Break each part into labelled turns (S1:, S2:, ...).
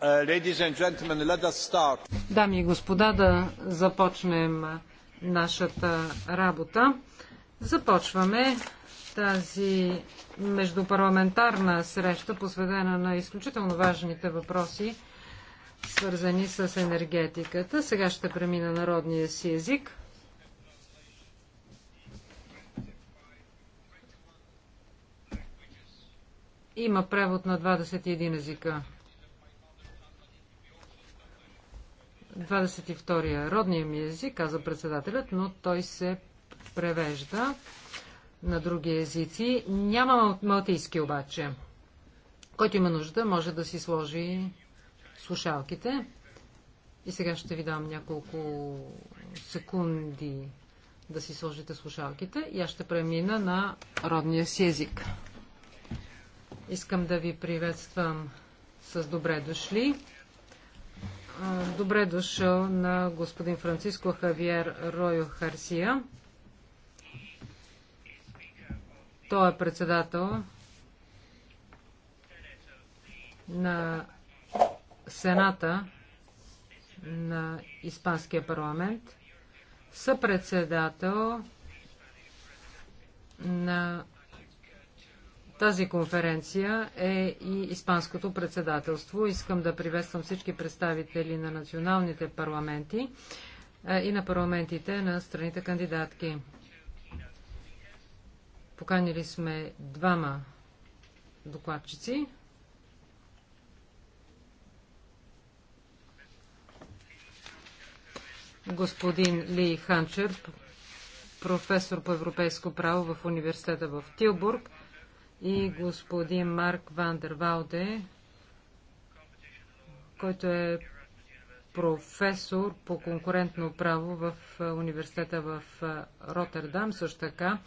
S1: Uh,
S2: Дами и господа, да започнем нашата работа. Започваме тази междупарламентарна среща, посветена на изключително важните въпроси, свързани с енергетиката. Сега ще премина народния си език. Има превод на 21 езика. 22-я родния ми език, каза председателят, но той се превежда на други езици. Няма малтийски обаче. Който има нужда, може да си сложи слушалките. И сега ще ви дам няколко секунди да си сложите слушалките и аз ще премина на родния си език. Искам да ви приветствам с добре дошли Добре дошъл на господин Франциско Хавиер Ройо Харсия. Той е председател на Сената на Испанския парламент, съпредседател на тази конференция е и Испанското председателство. Искам да приветствам всички представители на националните парламенти е, и на парламентите на страните кандидатки. Поканили сме двама докладчици. Господин Ли Ханчер, професор по европейско право в университета в Тилбург и господин Марк Вандервалде, който е професор по конкурентно право в университета в Роттердам, също така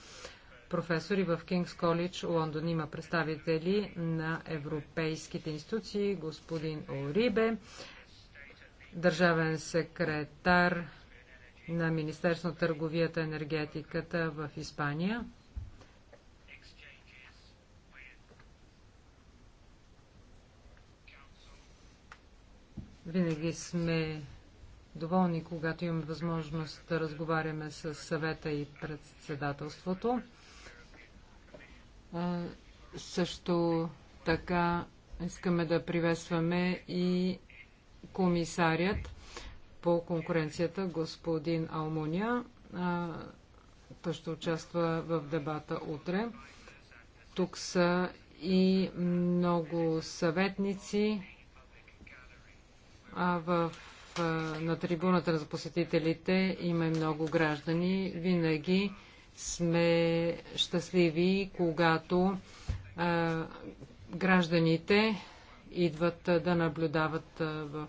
S2: професори в Кингс Колледж Лондон. Има представители на европейските институции, господин Орибе, държавен секретар на Министерство на търговията и енергетиката в Испания. Винаги сме доволни, когато имаме възможност да разговаряме с съвета и председателството. Също така искаме да приветстваме и комисарият по конкуренцията, господин Алмуния. Той ще участва в дебата утре. Тук са и много съветници, а в, на трибуната за посетителите има много граждани. Винаги сме щастливи, когато а, гражданите идват да наблюдават, в,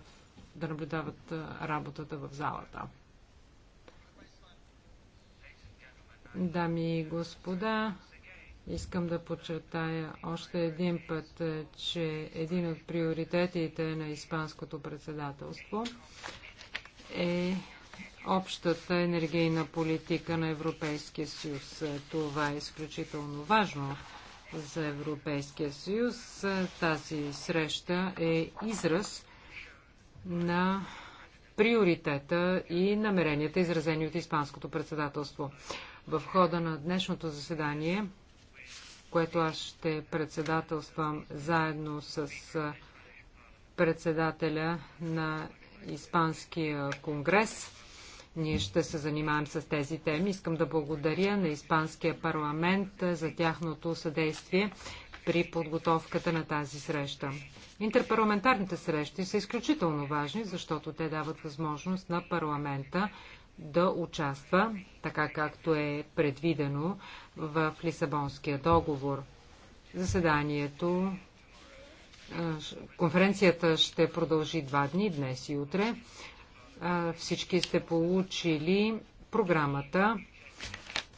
S2: да наблюдават работата в залата. Дами и господа, Искам да подчертая още един път, е, че един от приоритетите на Испанското председателство е общата енергийна политика на Европейския съюз. Е, това е изключително важно за Европейския съюз. Е, тази среща е израз на приоритета и намеренията, изразени от Испанското председателство. В хода на днешното заседание което аз ще председателствам заедно с председателя на Испанския конгрес. Ние ще се занимаем с тези теми. Искам да благодаря на Испанския парламент за тяхното съдействие при подготовката на тази среща. Интерпарламентарните срещи са изключително важни, защото те дават възможност на парламента да участва, така както е предвидено в Лисабонския договор. Заседанието, конференцията ще продължи два дни, днес и утре. Всички сте получили програмата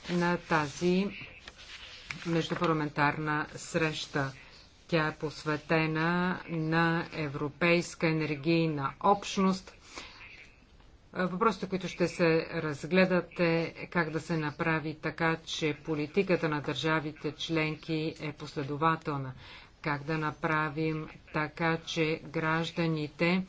S2: на тази междупарламентарна среща. Тя е посветена на Европейска енергийна общност, Въпросите, които ще се разгледат е как да се направи така, че политиката на държавите членки е последователна. Как да направим така, че гражданите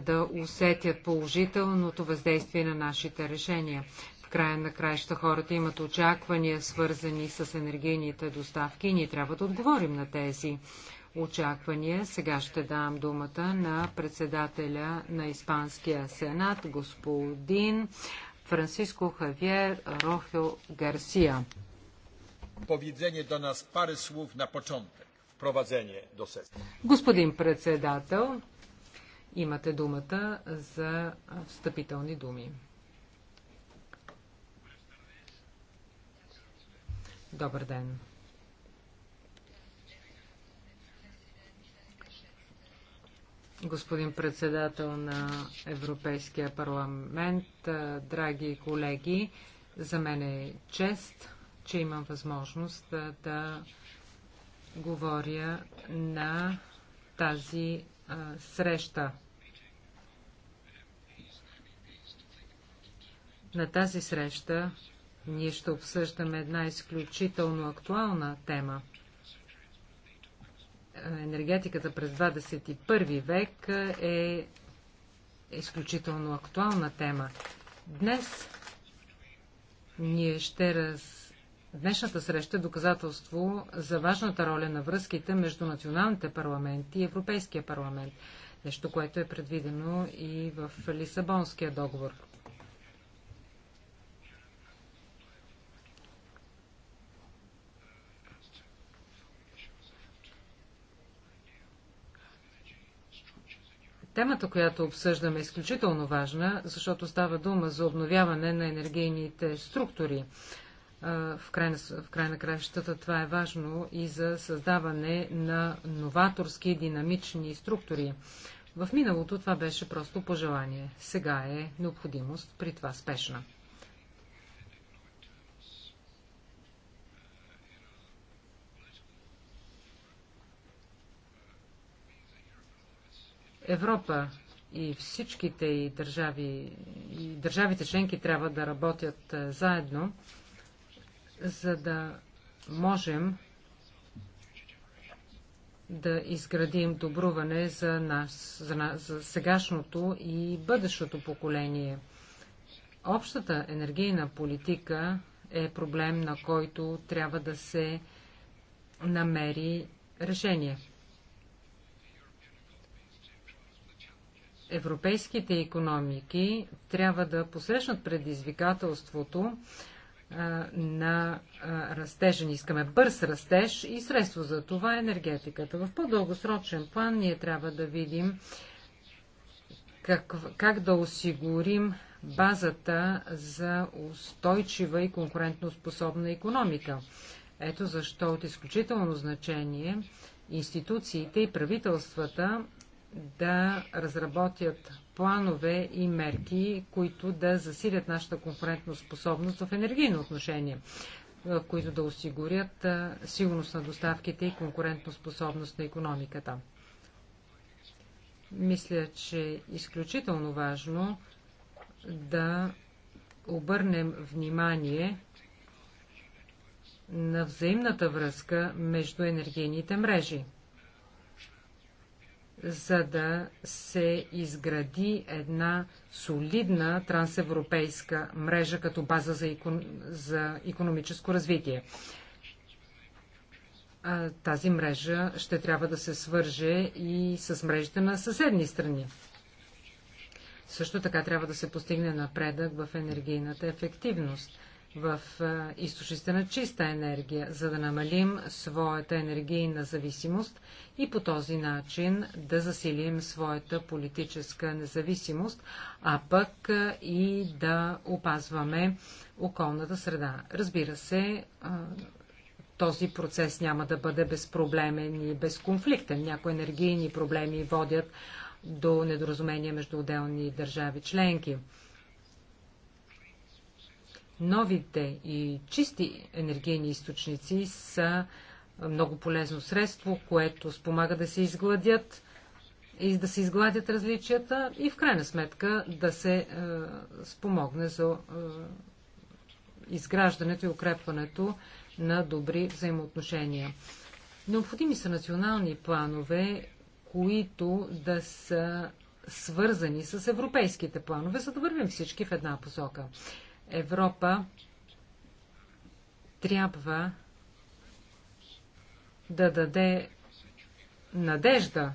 S2: да усетят положителното въздействие на нашите решения. В края на краища хората имат очаквания, свързани с енергийните доставки и ние трябва да отговорим на тези очаквания. Сега ще дам думата на председателя на Испанския сенат, господин Франциско Хавьер Рохио Гарсия.
S3: Поведение до нас пари слов на почонтък. Провазение до сест.
S2: Господин председател, имате думата за встъпителни думи. Добър ден. господин председател на Европейския парламент, драги колеги, за мен е чест, че имам възможност да, да говоря на тази а, среща. На тази среща ние ще обсъждаме една изключително актуална тема енергетиката през 21 век е изключително актуална тема. Днес ние ще раз... Днешната среща е доказателство за важната роля на връзките между националните парламенти и Европейския парламент. Нещо, което е предвидено и в Лисабонския договор. Темата, която обсъждаме, е изключително важна, защото става дума за обновяване на енергийните структури. В край, на, в край на краищата това е важно и за създаване на новаторски динамични структури. В миналото това беше просто пожелание. Сега е необходимост, при това спешна. Европа и всичките и държави, и държавите членки трябва да работят е, заедно, за да можем да изградим добруване за нас, за, нас, за сегашното и бъдещото поколение. Общата енергийна политика е проблем, на който трябва да се намери решение. европейските економики трябва да посрещнат предизвикателството на растежа. Ние искаме бърз растеж и средство за това е енергетиката. В по-дългосрочен план ние трябва да видим как, как да осигурим базата за устойчива и конкурентоспособна економика. Ето защо от изключително значение институциите и правителствата да разработят планове и мерки, които да засилят нашата конкурентна способност в енергийно отношение, които да осигурят сигурност на доставките и конкурентна способност на економиката. Мисля, че е изключително важно да обърнем внимание на взаимната връзка между енергийните мрежи за да се изгради една солидна трансевропейска мрежа като база за, икон... за економическо развитие. А, тази мрежа ще трябва да се свърже и с мрежите на съседни страни. Също така трябва да се постигне напредък в енергийната ефективност в източниците на чиста енергия, за да намалим своята енергийна зависимост и по този начин да засилим своята политическа независимост, а пък и да опазваме околната среда. Разбира се, този процес няма да бъде безпроблемен и безконфликтен. Някои енергийни проблеми водят до недоразумения между отделни държави членки. Новите и чисти енергийни източници са много полезно средство, което спомага да се изгладят и да се изгладят различията и в крайна сметка да се е, спомогне за е, изграждането и укрепването на добри взаимоотношения. Необходими са национални планове, които да са свързани с европейските планове, за да вървим всички в една посока. Европа трябва да даде надежда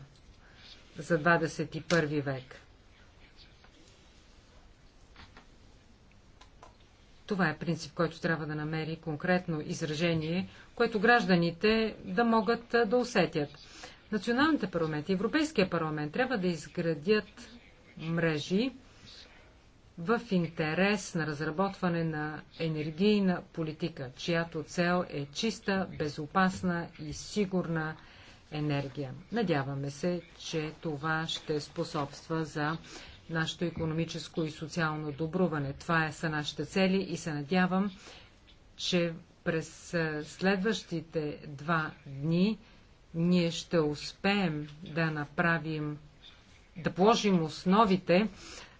S2: за 21 век. Това е принцип, който трябва да намери конкретно изражение, което гражданите да могат да усетят. Националните парламенти, Европейския парламент трябва да изградят мрежи, в интерес на разработване на енергийна политика, чиято цел е чиста, безопасна и сигурна енергия. Надяваме се, че това ще способства за нашето економическо и социално добруване. Това е са нашите цели и се надявам, че през следващите два дни ние ще успеем да направим, да положим основите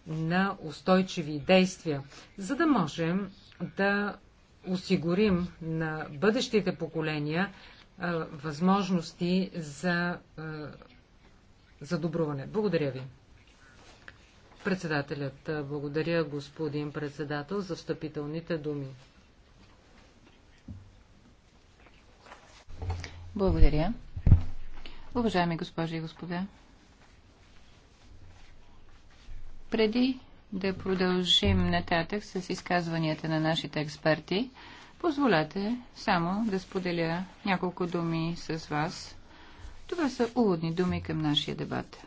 S2: на устойчиви действия, за да можем да осигурим на бъдещите поколения а, възможности за, а, за добруване. Благодаря ви. Председателят, благодаря господин председател за встъпителните думи.
S4: Благодаря. Уважаеми госпожи и господа, Преди да продължим нататък с изказванията на нашите експерти, позволете само да споделя няколко думи с вас. Това са уводни думи към нашия дебат.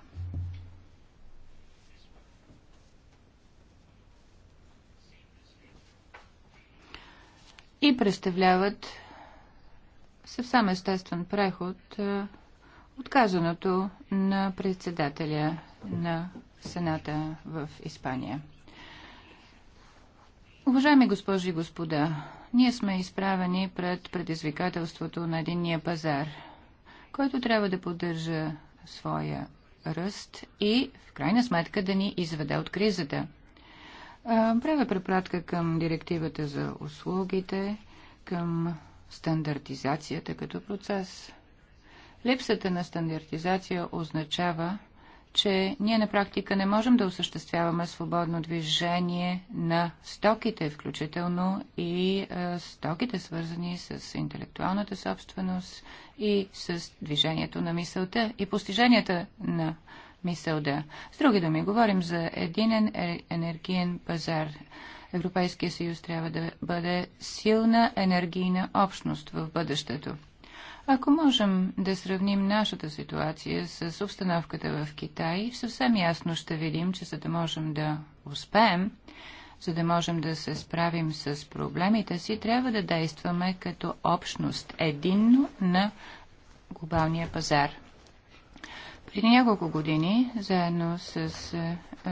S4: И представляват съвсем естествен преход от казаното на председателя на Сената в Испания. Уважаеми госпожи и господа, ние сме изправени пред предизвикателството на единния пазар, който трябва да поддържа своя ръст и в крайна сметка да ни изведе от кризата. Правя препратка към директивата за услугите, към стандартизацията като процес. Липсата на стандартизация означава, че ние на практика не можем да осъществяваме свободно движение на стоките, включително и е, стоките свързани с интелектуалната собственост и с движението на мисълта и постиженията на мисълта. С други думи, говорим за единен е, енергиен пазар. Европейския съюз трябва да бъде силна енергийна общност в бъдещето. Ако можем да сравним нашата ситуация с обстановката в Китай, съвсем ясно ще видим, че за да можем да успеем, за да можем да се справим с проблемите си, трябва да действаме като общност, единно на глобалния пазар. Преди няколко години, заедно с е, е,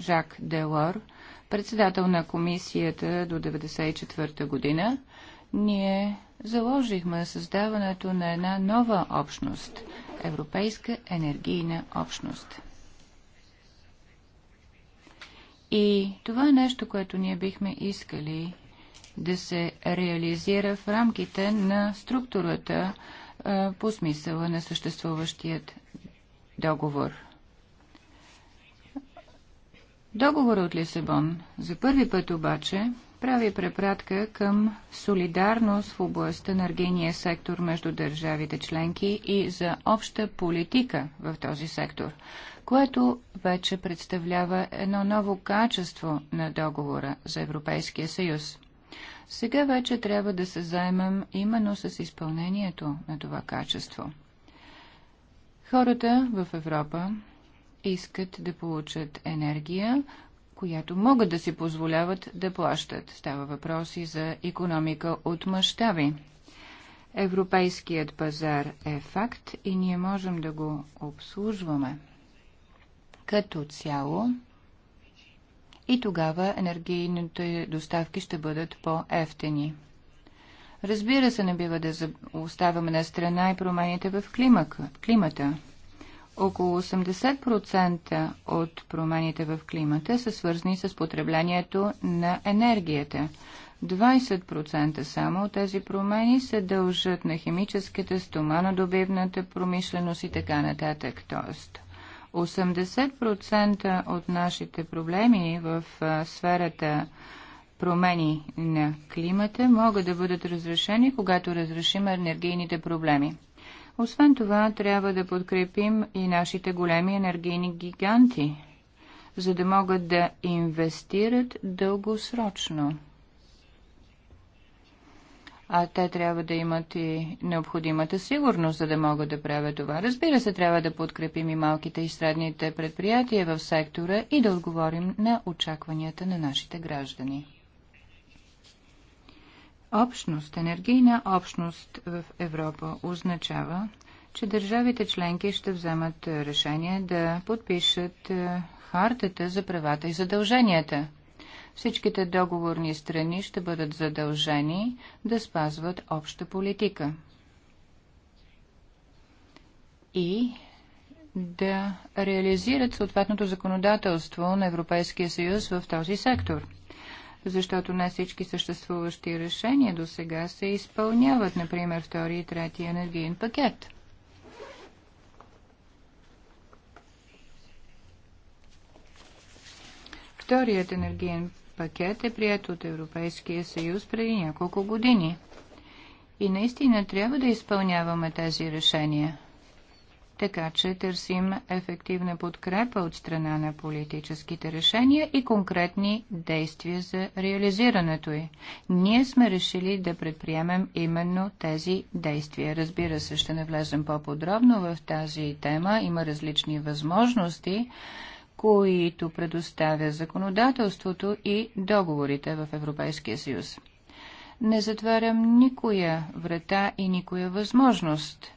S4: Жак Делор, председател на комисията до 1994 година, ние заложихме създаването на една нова общност – Европейска енергийна общност. И това е нещо, което ние бихме искали да се реализира в рамките на структурата по смисъла на съществуващият договор. Договорът от Лисабон за първи път обаче прави препратка към солидарност в областта на енергийния сектор между държавите членки и за обща политика в този сектор, което вече представлява едно ново качество на договора за Европейския съюз. Сега вече трябва да се займем именно с изпълнението на това качество. Хората в Европа искат да получат енергия, която могат да си позволяват да плащат. Става въпроси за економика от мащаби. Европейският пазар е факт и ние можем да го обслужваме като цяло и тогава енергийните доставки ще бъдат по-ефтени. Разбира се, не бива да оставаме на страна и промените в климата. Около 80% от промените в климата са свързани с потреблението на енергията. 20% само от тези промени се дължат на химическата, стоманодобивната промишленост и така нататък. Тоест, 80% от нашите проблеми в сферата промени на климата могат да бъдат разрешени, когато разрешим енергийните проблеми. Освен това, трябва да подкрепим и нашите големи енергийни гиганти, за да могат да инвестират дългосрочно. А те трябва да имат и необходимата сигурност, за да могат да правят това. Разбира се, трябва да подкрепим и малките и средните предприятия в сектора и да отговорим на очакванията на нашите граждани. Общност, енергийна общност в Европа означава, че държавите членки ще вземат е, решение да подпишат е, хартата за правата и задълженията. Всичките договорни страни ще бъдат задължени да спазват обща политика и да реализират съответното законодателство на Европейския съюз в този сектор – защото не всички съществуващи решения до сега се изпълняват, например, втори и трети енергиен пакет. Вторият енергиен пакет е прият от Европейския съюз преди няколко години. И наистина трябва да изпълняваме тези решения. Така че търсим ефективна подкрепа от страна на политическите решения и конкретни действия за реализирането й. Ние сме решили да предприемем именно тези действия. Разбира се, ще не влезем по-подробно в тази тема. Има различни възможности които предоставя законодателството и договорите в Европейския съюз. Не затварям никоя врата и никоя възможност –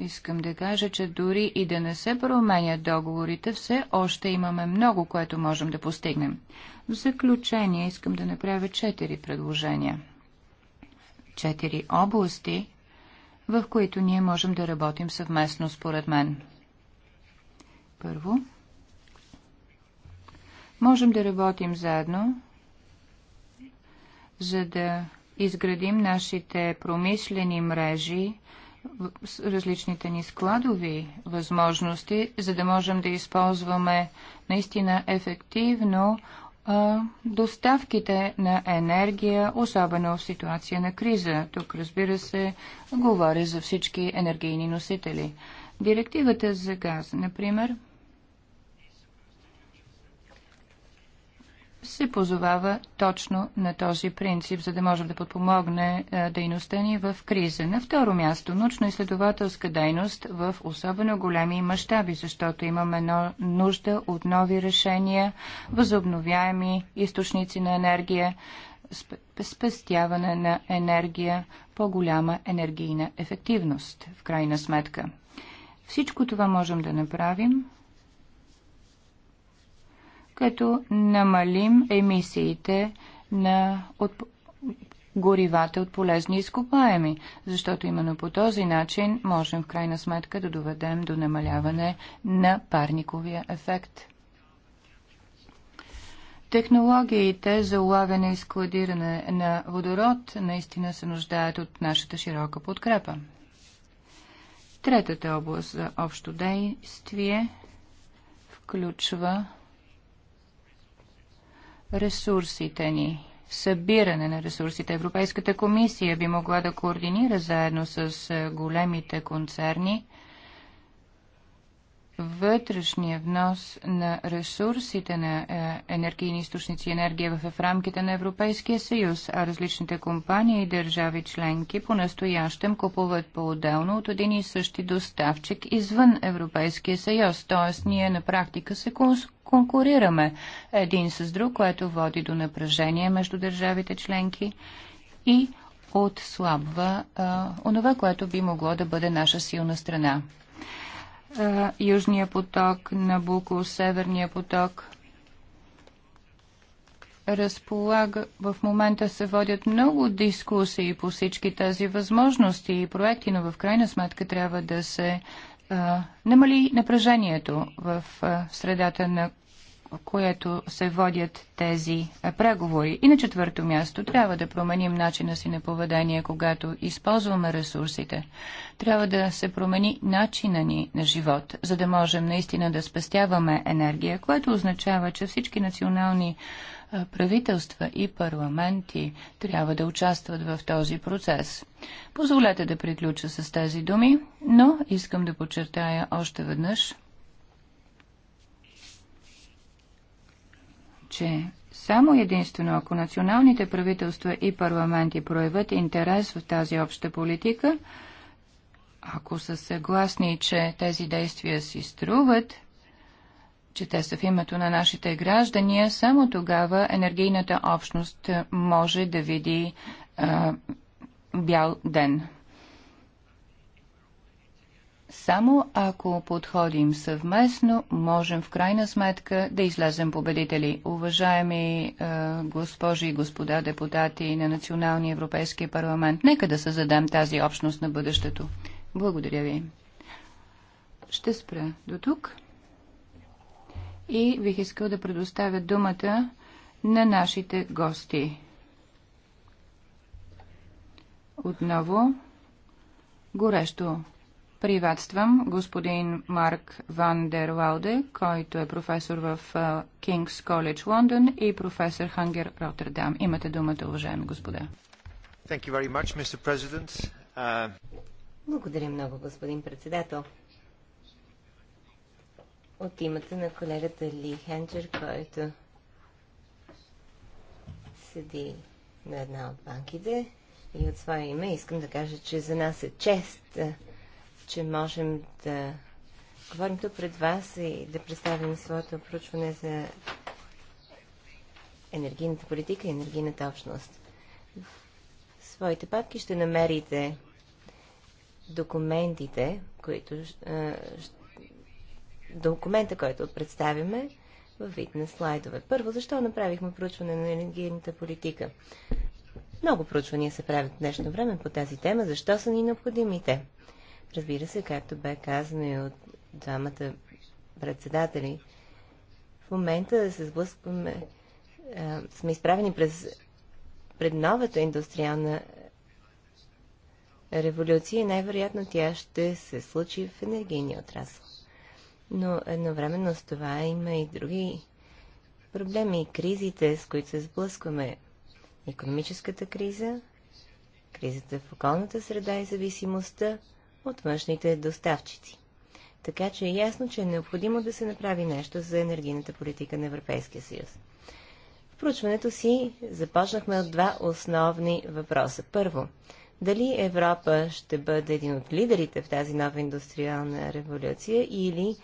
S4: Искам да кажа, че дори и да не се променят договорите, все още имаме много, което можем да постигнем. В заключение искам да направя четири предложения. Четири области, в които ние можем да работим съвместно, според мен. Първо, можем да работим заедно, за да изградим нашите промислени мрежи, различните ни складови възможности, за да можем да използваме наистина ефективно а, доставките на енергия, особено в ситуация на криза. Тук, разбира се, говоря за всички енергийни носители. Директивата за газ, например, се позовава точно на този принцип, за да може да подпомогне е, дейността ни в криза. На второ място, научно-изследователска дейност в особено големи мащаби, защото имаме нужда от нови решения, възобновяеми източници на енергия, спестяване на енергия, по-голяма енергийна ефективност, в крайна сметка. Всичко това можем да направим като намалим емисиите на от, горивата от полезни изкопаеми, защото именно по този начин можем в крайна сметка да доведем до намаляване на парниковия ефект. Технологиите за улавяне и складиране на водород наистина се нуждаят от нашата широка подкрепа. Третата област за общо действие включва ресурсите ни събиране на ресурсите. Европейската комисия би могла да координира заедно с е, големите концерни вътрешния внос на ресурсите на е, енергийни източници и енергия в рамките на Европейския съюз, а различните компании и държави членки по-настоящем купуват по-отделно от един и същи доставчик извън Европейския съюз. Т.е. ние на практика се конкурираме един с друг, което води до напрежение между държавите членки и отслабва а, е, онова, което би могло да бъде наша силна страна. Е, Южния поток, Набуко, Северния поток. Разполага, в момента се водят много дискусии по всички тези възможности и проекти, но в крайна сметка трябва да се е, намали напрежението в е, средата на което се водят тези преговори. И на четвърто място трябва да променим начина си на поведение, когато използваме ресурсите. Трябва да се промени начина ни на живот, за да можем наистина да спестяваме енергия, което означава, че всички национални правителства и парламенти трябва да участват в този процес. Позволете да приключа с тези думи, но искам да подчертая още веднъж – че само единствено ако националните правителства и парламенти проявят интерес в тази обща политика, ако са съгласни, че тези действия си струват, че те са в името на нашите граждани, само тогава енергийната общност може да види а, бял ден. Само ако подходим съвместно, можем в крайна сметка да излезем победители. Уважаеми е, госпожи и господа депутати на Националния европейски парламент, нека да създадем тази общност на бъдещето. Благодаря ви. Ще спра до тук и бих искал да предоставя думата на нашите гости. Отново горещо Приветствам господин Марк Ван дер Валде, който е професор в Кингс Коледж Лондон и професор Хангер Роттердам. Имате думата, уважаеми господа.
S1: Much, uh... Благодаря много, господин председател. От името на колегата Ли Хенджер, който седи на една от банките и от своя име, искам да кажа, че за нас е чест че можем да говорим тук пред вас и да представим своето проучване за енергийната политика и енергийната общност. В своите папки ще намерите документите, които, е, документа, който представяме в вид на слайдове. Първо, защо направихме проучване на енергийната политика? Много проучвания се правят в днешно време по тази тема. Защо са ни необходимите? Разбира се, както бе казано и от двамата председатели, в момента се сблъскваме, а, сме изправени през, пред новата индустриална революция и най-вероятно тя ще се случи в енергийния отрасъл. Но едновременно с това има и други проблеми и кризите, с които се сблъскваме. Економическата криза, кризата в околната среда и зависимостта от външните доставчици. Така че е ясно, че е необходимо да се направи нещо за енергийната политика на Европейския съюз. В проучването си започнахме от два основни въпроса. Първо, дали Европа ще бъде един от лидерите в тази нова индустриална революция или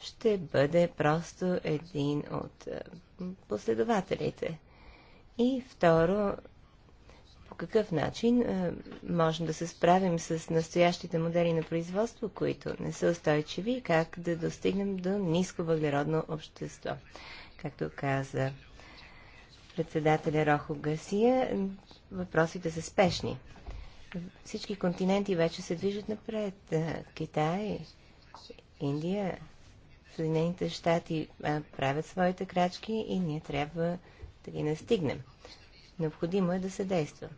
S1: ще бъде просто един от последователите. И второ, по какъв начин е, можем да се справим с настоящите модели на производство, които не са устойчиви как да достигнем до ниско въглеродно общество. Както каза председателя Рохо Гасия, въпросите са спешни. Всички континенти вече се движат напред. Е, Китай, Индия, Съединените щати правят своите крачки и ние трябва да ги настигнем. Необходимо е да се действа.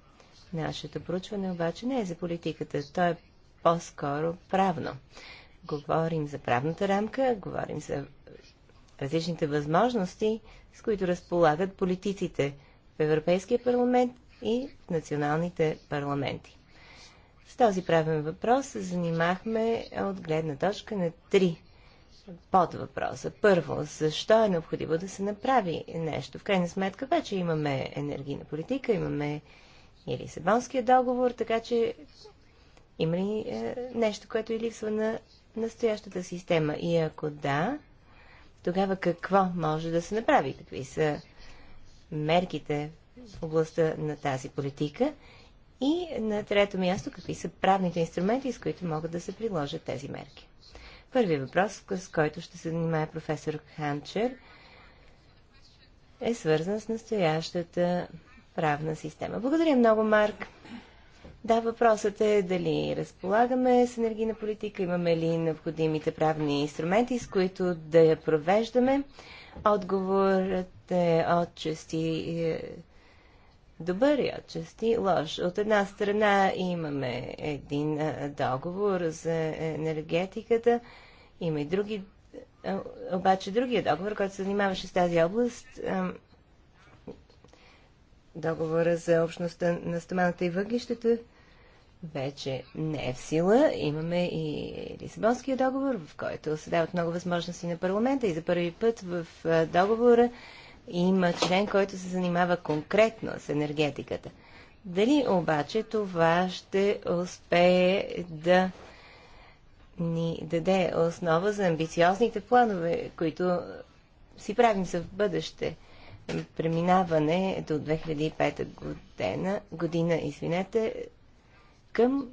S1: Нашето проучване обаче не е за политиката, то е по-скоро правно. Говорим за правната рамка, говорим за различните възможности, с които разполагат политиците в Европейския парламент и в националните парламенти. С този правен въпрос се занимахме от гледна точка на три под въпроса. Първо, защо е необходимо да се направи нещо? В крайна сметка вече имаме енергийна политика, имаме и Лисабонския договор, така че има ли е, нещо, което и е липсва на настоящата система? И ако да, тогава какво може да се направи? Какви са мерките в областта на тази политика? И на трето място, какви са правните инструменти, с които могат да се приложат тези мерки? Първият въпрос, с който ще се занимае професор Ханчер, е свързан с настоящата правна система. Благодаря много, Марк. Да, въпросът е дали разполагаме с енергийна политика, имаме ли необходимите правни инструменти, с които да я провеждаме. Отговорът е отчасти е, добър и отчасти лош. От една страна имаме един договор за енергетиката, има и други, обаче другия договор, който се занимаваше с тази област, договора за общността на стоманата и въглищата, вече не е в сила. Имаме и Лисабонския договор, в който се дават много възможности на парламента и за първи път в договора има член, който се занимава конкретно с енергетиката. Дали обаче това ще успее да ни даде основа за амбициозните планове, които си правим за в бъдеще? Преминаване до 2005 година, година извинете, към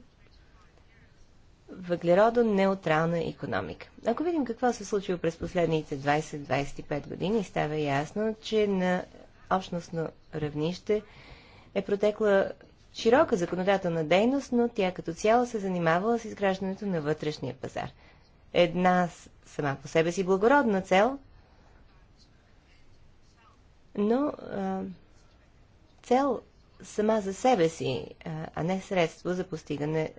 S1: въглеродонеутрална економика. Ако видим какво се случва през последните 20-25 години, става ясно, че на общностно равнище е протекла широка законодателна дейност, но тя като цяло се занимавала с изграждането на вътрешния пазар. Една сама по себе си благородна цел, но а, цел сама за себе си, а не средство за постигане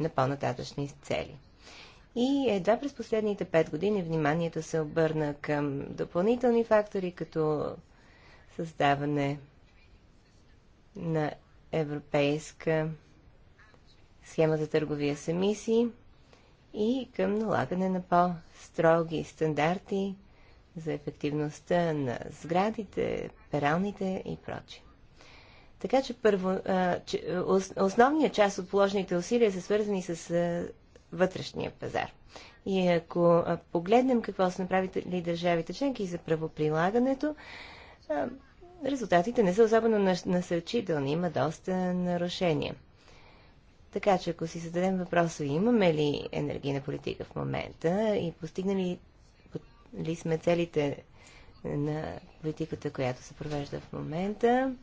S1: на по-нататъчни цели. И едва през последните пет години вниманието се обърна към допълнителни фактори, като създаване на европейска схема за търговия с емисии и към налагане на по-строги стандарти за ефективността на сградите, пералните и прочие. Така че, първо, че основният част от положените усилия са свързани с вътрешния пазар. И ако погледнем какво са направили държавите членки за правоприлагането, резултатите не са особено насърчителни. Има доста нарушения. Така че, ако си зададем въпроса, имаме ли енергийна политика в момента и постигнали ли сме целите на политиката, която се провежда в момента,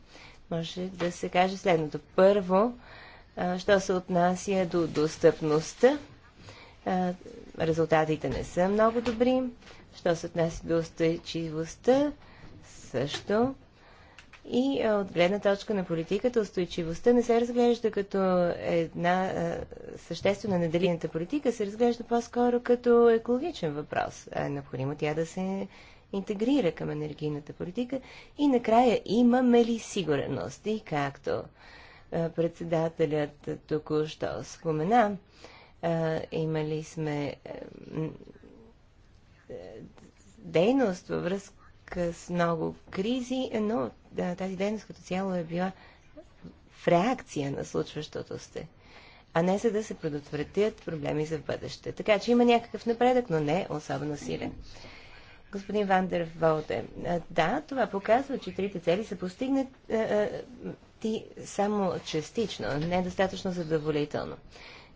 S1: може да се каже следното. Първо, що се отнася до достъпността, резултатите не са много добри. Що се отнася до устойчивостта, също. И от гледна точка на политиката, устойчивостта не се разглежда като една а, съществена неделината политика, се разглежда по-скоро като екологичен въпрос. А е необходимо тя да се интегрира към енергийната политика. И накрая имаме ли сигурност? И както председателят току-що спомена, имали сме е, дейност във връзка с много кризи, но тази дейност като цяло е била в реакция на случващото се, а не за да се предотвратят проблеми за бъдеще. Така че има някакъв напредък, но не особено силен господин Вандер Волде. Да, това показва, че трите цели са постигнати само частично, недостатъчно задоволително.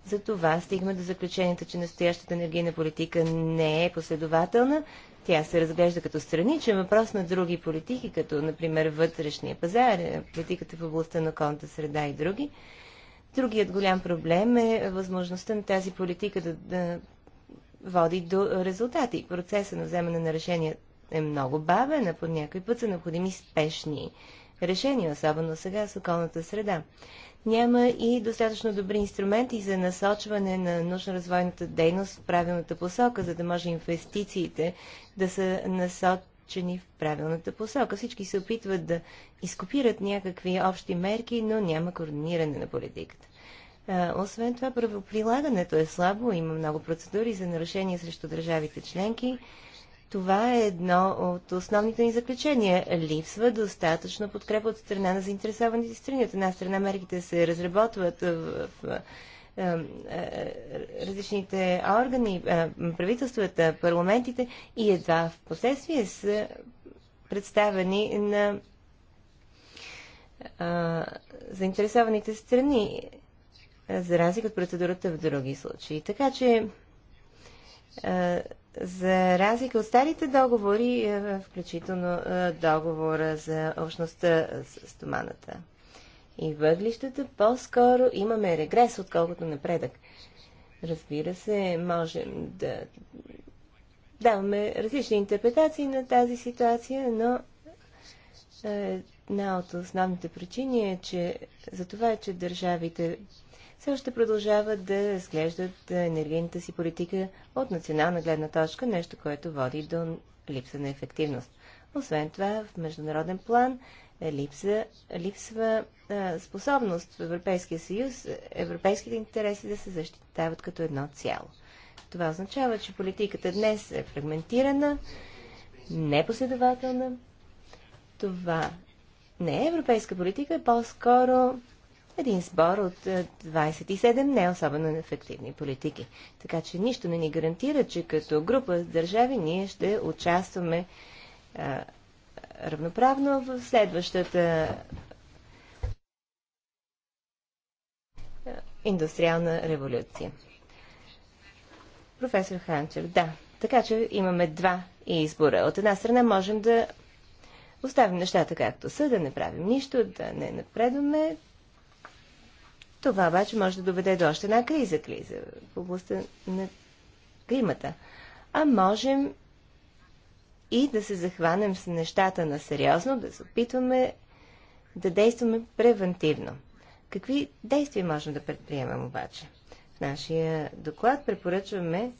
S1: Затова стигаме до заключението, че настоящата енергийна политика не е последователна. Тя се разглежда като страничен въпрос на други политики, като например вътрешния пазар, е, политиката в областта на конта среда и други. Другият голям проблем е възможността на тази политика да, да води до резултати. Процеса на вземане на решения е много бавен, а по някой път са необходими спешни решения, особено сега с околната среда. Няма и достатъчно добри инструменти за насочване на научно-развойната дейност в правилната посока, за да може инвестициите да са насочени в правилната посока. Всички се опитват да изкопират някакви общи мерки, но няма координиране на политиката. Е, освен това, правоприлагането е слабо, има много процедури за нарушения срещу държавите членки. Това е едно от основните ни заключения. Липсва достатъчно подкрепа от страна на заинтересованите страни. От една страна мерките се разработват в, в е, е, различните органи, правителствата, парламентите и едва в последствие са представени на а, заинтересованите страни за разлика от процедурата в други случаи. Така че, за разлика от старите договори, включително договора за общността с стоманата и въглищата, по-скоро имаме регрес, отколкото напредък. Разбира се, можем да даваме различни интерпретации на тази ситуация, но една от основните причини е, че за това е, че държавите все още продължават да разглеждат енергийната си политика от национална гледна точка, нещо, което води до липса на ефективност. Освен това, в международен план липса, липсва способност в Европейския съюз европейските интереси да се защитават като едно цяло. Това означава, че политиката днес е фрагментирана, непоследователна. Това не е европейска политика, по-скоро един сбор от 27 е, не особено ефективни политики. Така че нищо не ни гарантира, че като група държави ние ще участваме а, е, равноправно в следващата е, индустриална революция. Професор Ханчев, да. Така че имаме два избора. От една страна можем да оставим нещата както са, да не правим нищо, да не напредваме, това обаче може да доведе до още една криза, криза в областта на климата. А можем и да се захванем с нещата на сериозно, да се опитваме да действаме превентивно. Какви действия можем да предприемем обаче? В нашия доклад препоръчваме,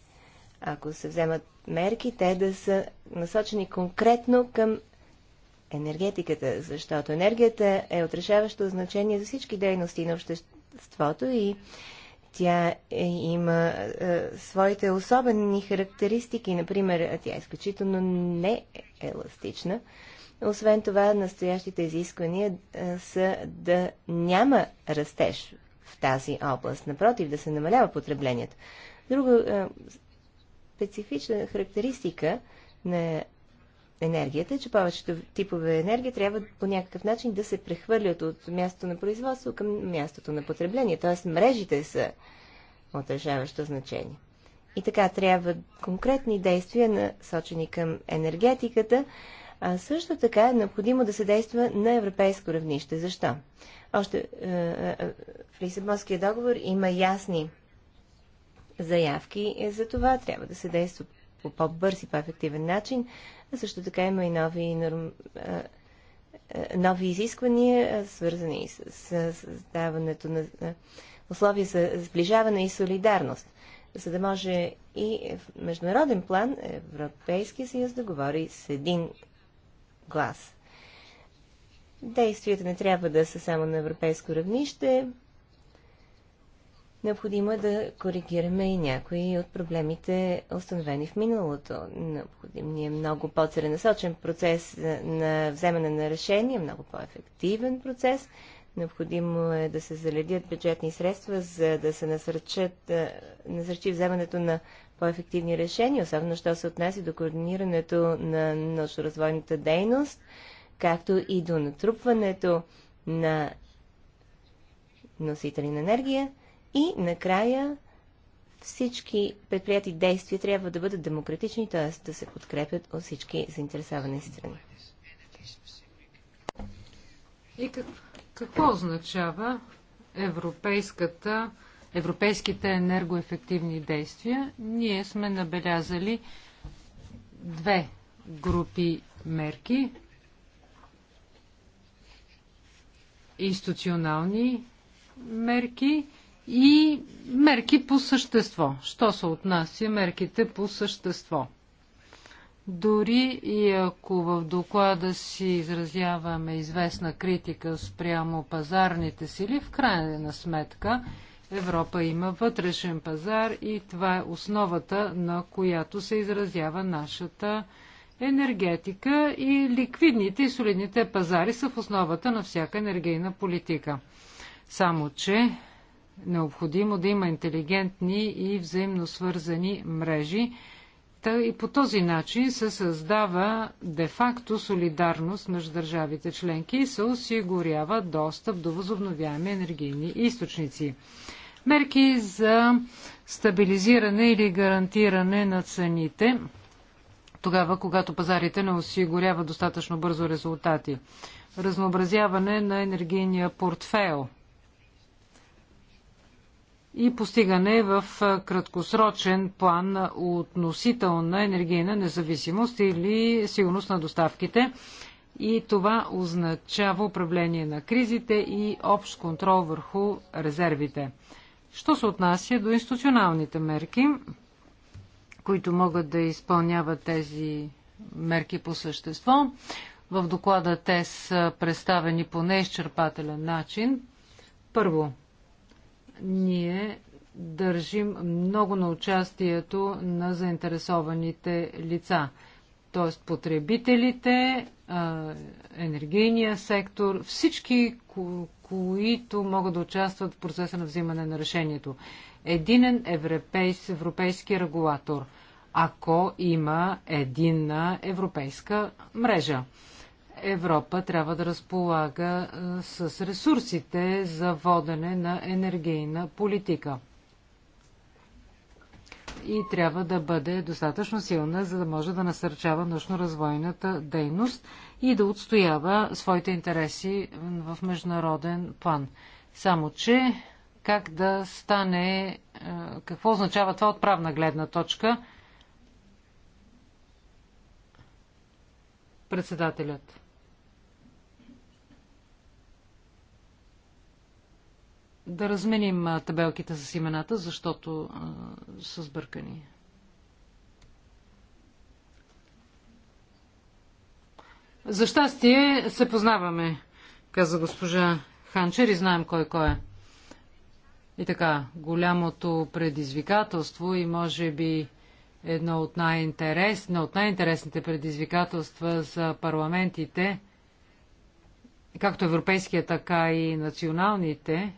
S1: ако се вземат мерки, те да са насочени конкретно към енергетиката, защото енергията е отрешаващо значение за всички дейности на обществото ството и тя е, има е, своите особени характеристики. Например, тя е изключително нееластична. Освен това, настоящите изисквания е, са да няма растеж в тази област. Напротив, да се намалява потреблението. Друга е, специфична характеристика на енергията, че повечето типове енергия трябва по някакъв начин да се прехвърлят от мястото на производство към мястото на потребление. Т.е. мрежите са от решаващо значение. И така трябва конкретни действия насочени към енергетиката, а също така е необходимо да се действа на европейско равнище. Защо? Още е, е, е в Лисабонския договор има ясни заявки за това. Трябва да се действа по по-бърз и по-ефективен начин, а също така има и нови, норм... нови изисквания, свързани с, с създаването на условия за сближаване и солидарност, за да може и в международен план Европейския съюз да говори с един глас. Действията не трябва да са само на европейско равнище, Необходимо е да коригираме и някои от проблемите, установени в миналото. Необходим ни е много по-целенасочен процес на вземане на решения, много по-ефективен процес. Необходимо е да се заледят бюджетни средства, за да се насърчат, е, насърчи вземането на по-ефективни решения, особено що се отнася до координирането на научно-развойната дейност, както и до натрупването на носители на енергия – и накрая всички предприяти действия трябва да бъдат демократични, т.е. да се подкрепят от всички заинтересовани страни. И как, какво означава
S2: европейската, европейските енергоефективни действия? Ние сме набелязали две групи мерки. Институционални мерки и мерки по същество. Що се отнася мерките по същество? Дори и ако в доклада си изразяваме известна критика спрямо пазарните сили, в крайна сметка Европа има вътрешен пазар и това е основата, на която се изразява нашата енергетика и ликвидните и солидните пазари са в основата на всяка енергийна политика. Само, че необходимо да има интелигентни и взаимно свързани мрежи. Та и по този начин се създава де-факто солидарност между държавите членки и се осигурява достъп до възобновяеми енергийни източници. Мерки за стабилизиране или гарантиране на цените тогава, когато пазарите не осигуряват достатъчно бързо резултати. Разнообразяване на енергийния портфейл – и постигане в краткосрочен план относителна енергийна независимост или сигурност на доставките. И това означава управление на кризите и общ контрол върху резервите. Що се отнася до институционалните мерки, които могат да изпълняват тези мерки по същество, в доклада те са представени по неизчерпателен начин. Първо, ние държим много на участието на заинтересованите лица, т.е. потребителите, енергийния сектор, всички, които могат да участват в процеса на взимане на решението. Единен европейс, европейски регулатор, ако има единна европейска мрежа. Европа трябва да разполага с ресурсите за водене на енергийна политика. И трябва да бъде достатъчно силна, за да може да насърчава научно-развойната дейност и да отстоява своите интереси в международен план. Само, че как да стане, какво означава това от правна гледна точка? Председателят. да разменим табелките с имената, защото а, са сбъркани. За щастие се познаваме, каза госпожа Ханчер и знаем кой кой е. И така, голямото предизвикателство и може би едно от, най от най-интересните предизвикателства за парламентите, както европейския, така и националните,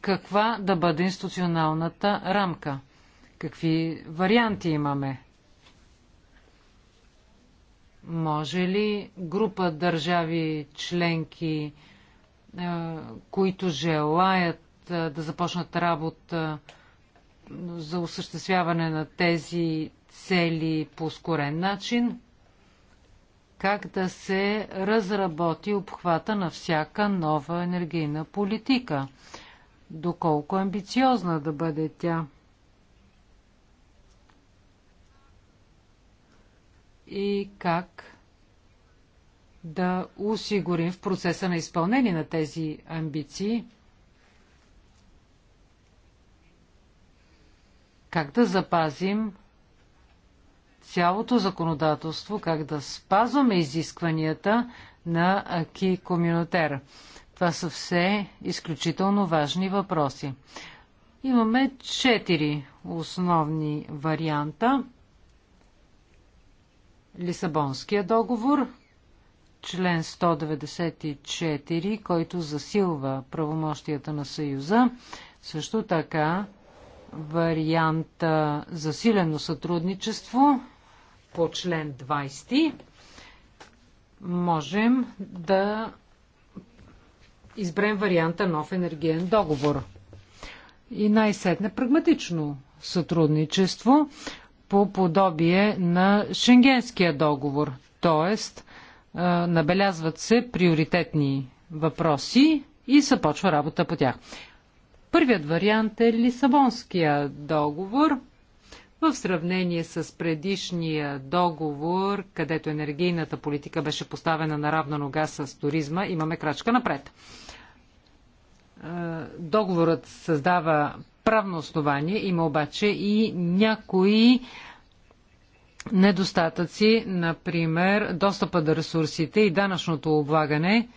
S2: каква да бъде институционалната рамка. Какви варианти имаме? Може ли група държави членки, е, които желаят е, да започнат работа е, за осъществяване на тези цели по ускорен начин? Как да се разработи обхвата на всяка нова енергийна политика? доколко амбициозна да бъде тя. И как да осигурим в процеса на изпълнение на тези амбиции, как да запазим цялото законодателство, как да спазваме изискванията на Аки Комюнотера? Това са все изключително важни въпроси. Имаме четири основни варианта. Лисабонския договор, член 194, който засилва правомощията на Съюза, също така варианта за силено сътрудничество по член 20 можем да изберем варианта нов енергиен договор. И най-сетне прагматично сътрудничество по подобие на Шенгенския договор. Тоест, набелязват се приоритетни въпроси и започва работа по тях. Първият вариант е Лисабонския договор – в сравнение с предишния договор, където енергийната политика беше поставена на равна нога с туризма, имаме крачка напред. Е, договорът създава правно основание, има обаче и някои недостатъци, например достъпа до ресурсите и данъчното облагане е,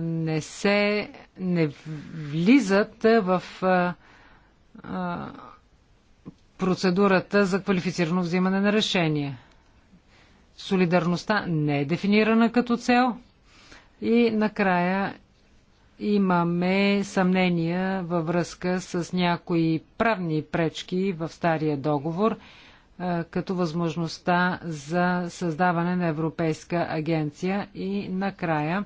S2: не се не влизат в е, процедурата за квалифицирано взимане на решение. Солидарността не е дефинирана като цел. И накрая имаме съмнения във връзка с някои правни пречки в стария договор, като възможността за създаване на Европейска агенция и накрая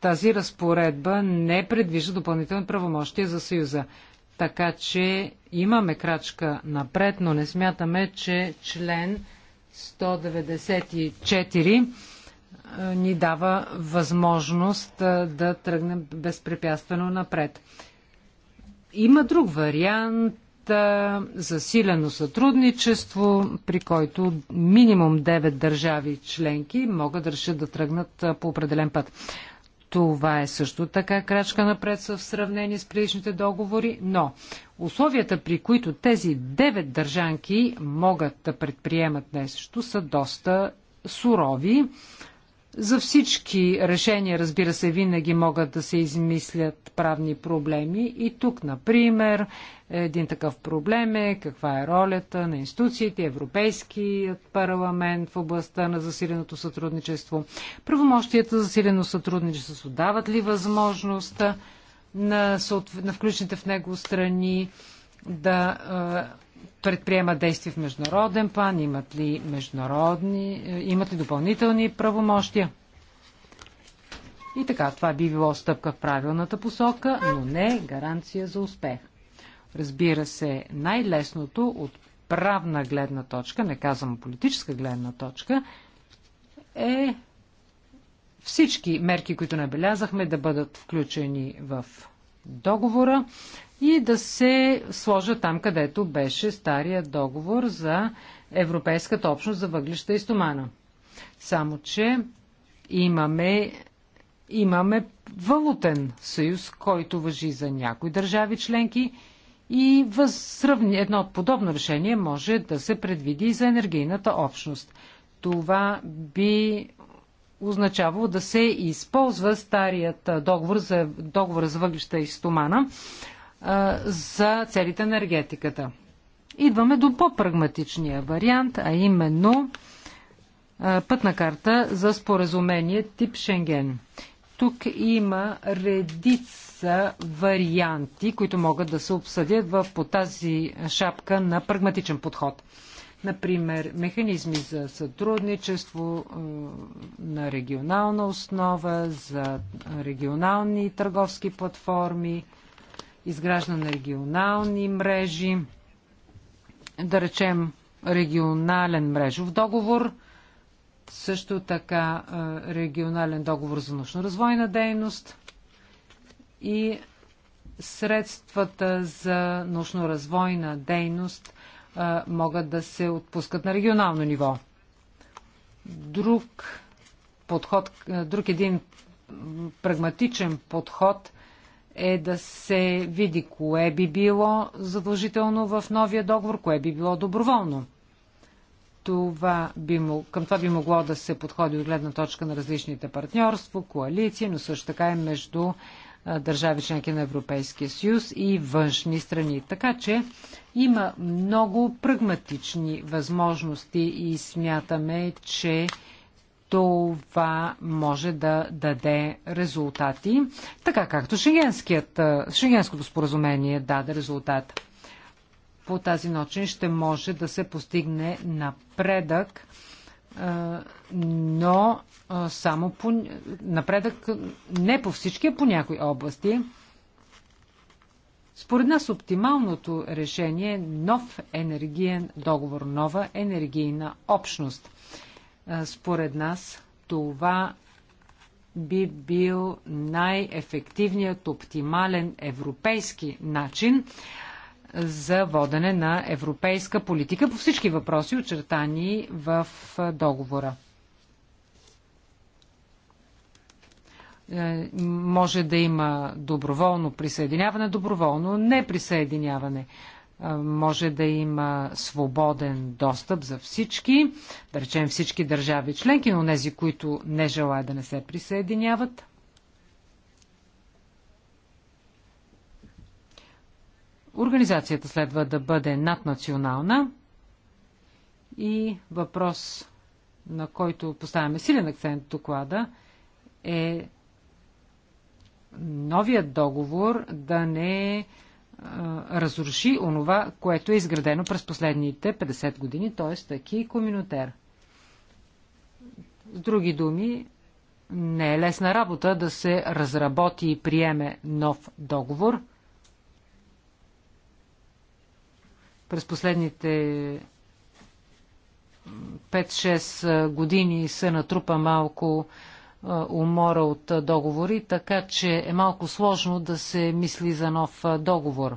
S2: Тази разпоредба не предвижда допълнителни правомощия за Съюза. Така че имаме крачка напред, но не смятаме, че член 194 е, ни дава възможност е, да тръгнем безпрепятствено напред. Има друг вариант е, засилено сътрудничество, при който минимум 9 държави членки могат да решат да тръгнат по определен път. Това е също така крачка напред в сравнение с предишните договори, но условията, при които тези девет държанки могат да предприемат нещо, са доста сурови. За всички решения, разбира се, винаги могат да се измислят правни проблеми и тук, например, един такъв проблем е каква е ролята на институциите, Европейският парламент в областта на засиленото сътрудничество. Правомощията за засилено сътрудничество дават ли възможност на, на включените в него страни да предприемат действия в международен план, имат ли международни, имат ли допълнителни правомощия? И така, това би било стъпка в правилната посока, но не гаранция за успех. Разбира се, най-лесното от правна гледна точка, не казвам политическа гледна точка, е всички мерки, които набелязахме, да бъдат включени в договора и да се сложат там, където беше стария договор за Европейската общност за въглища и стомана. Само, че имаме, имаме валутен съюз, който въжи за някои държави членки – и възсръвни, едно подобно решение може да се предвиди и за енергийната общност. Това би означавало да се използва старият договор за, договор за въглища и стомана а, за целите на енергетиката. Идваме до по-прагматичния вариант, а именно пътна карта за споразумение тип Шенген. Тук има редица варианти, които могат да се обсъдят в, по тази шапка на прагматичен подход. Например, механизми за сътрудничество е, на регионална основа, за регионални търговски платформи, изграждане на регионални мрежи, да речем регионален мрежов договор – също така регионален договор за научно-развойна дейност и средствата за научно-развойна дейност могат да се отпускат на регионално ниво. Друг подход, друг един прагматичен подход е да се види кое би било задължително в новия договор, кое би било доброволно това би мог, към това би могло да се подходи от гледна точка на различните партньорства, коалиции, но също така и между държави членки на Европейския съюз и външни страни. Така че има много прагматични възможности и смятаме, че това може да даде резултати, така както Шенгенското споразумение даде резултат по тази начин ще може да се постигне напредък, но само по, напредък не по всички, а по някои области. Според нас оптималното решение е нов енергиен договор, нова енергийна общност. Според нас това би бил най-ефективният оптимален европейски начин за водене на европейска политика по всички въпроси, очертани в договора. Е, може да има доброволно присъединяване, доброволно неприсъединяване. Е, може да има свободен достъп за всички, да речем всички държави членки, но тези, които не желаят да не се присъединяват – Организацията следва да бъде наднационална и въпрос, на който поставяме силен акцент в доклада, е новият договор да не а, разруши онова, което е изградено през последните 50 години, т.е. таки коминотер. С други думи, не е лесна работа да се разработи и приеме нов договор – през последните 5-6 години се натрупа малко умора от договори, така че е малко сложно да се мисли за нов договор.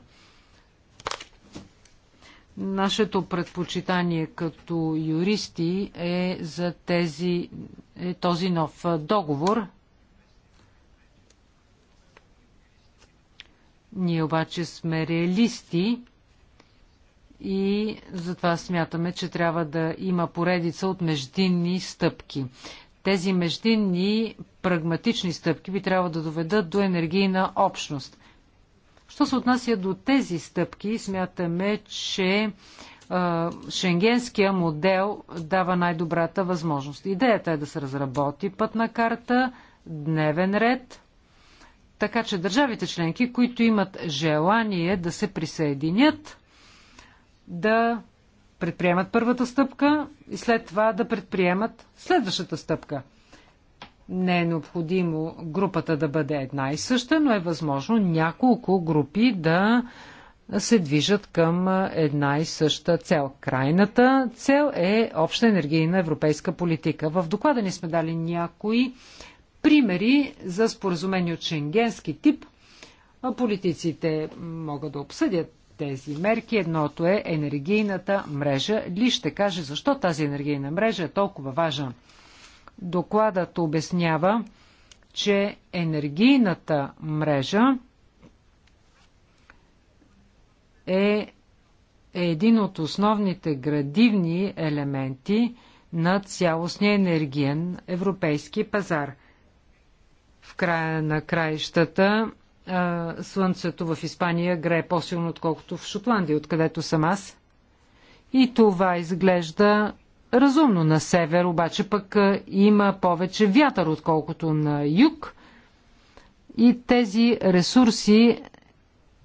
S2: Нашето предпочитание като юристи е за тези, е този нов договор. Ние обаче сме реалисти и затова смятаме, че трябва да има поредица от междинни стъпки. Тези междинни прагматични стъпки би трябва да доведат до енергийна общност. Що се отнася до тези стъпки, смятаме, че шенгенския модел дава най-добрата възможност. Идеята е да се разработи пътна карта, дневен ред, така че държавите членки, които имат желание да се присъединят, да предприемат първата стъпка и след това да предприемат следващата стъпка. Не е необходимо групата да бъде една и съща, но е възможно няколко групи да се движат към една и съща цел. Крайната цел е обща енергийна европейска политика. В доклада ни сме дали някои примери за споразумение от шенгенски тип. Политиците могат да обсъдят тези мерки. Едното е енергийната мрежа. Ли ще каже защо тази енергийна мрежа е толкова важна. Докладът обяснява, че енергийната мрежа е един от основните градивни елементи на цялостния енергиен европейски пазар. В края на краищата а, слънцето в Испания грее по-силно, отколкото в Шотландия, откъдето съм аз. И това изглежда разумно на север, обаче пък има повече вятър, отколкото на юг. И тези ресурси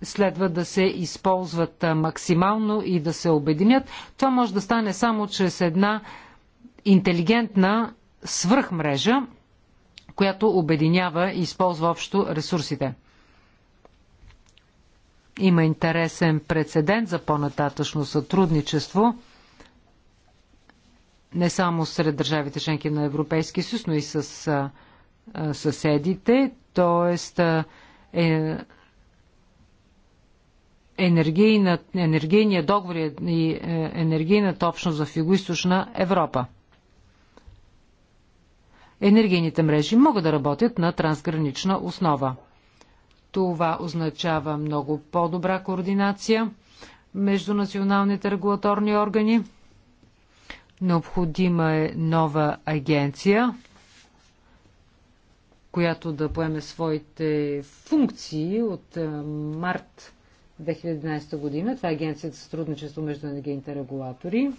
S2: следва да се използват максимално и да се обединят. Това може да стане само чрез една интелигентна свръхмрежа, която обединява и използва общо ресурсите. Има интересен прецедент за по-нататъчно сътрудничество не само сред държавите членки на Европейския съюз, но и с а, а, съседите, т.е. Е, енергийна, енергийния договор и е, енергийната общност в Юго-Источна Европа. Енергийните мрежи могат да работят на трансгранична основа. Това означава много по-добра координация между националните регулаторни органи. Необходима е нова агенция, която да поеме своите функции от март 2011 година. Това е агенцията за сътрудничество между енергийните регулатори.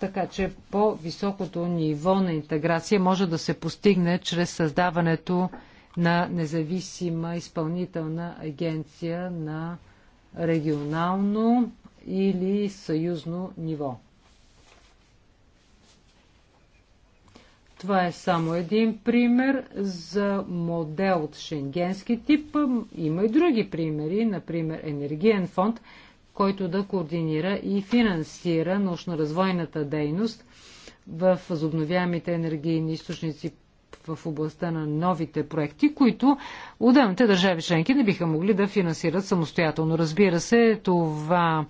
S2: Така че по-високото ниво на интеграция може да се постигне чрез създаването на независима изпълнителна агенция на регионално или съюзно ниво. Това е само един пример за модел от шенгенски тип. Има и други примери, например енергиен фонд, който да координира и финансира научно-развойната дейност в възобновяемите енергийни източници в областта на новите проекти, които отделните държави членки не биха могли да финансират самостоятелно. Разбира се, това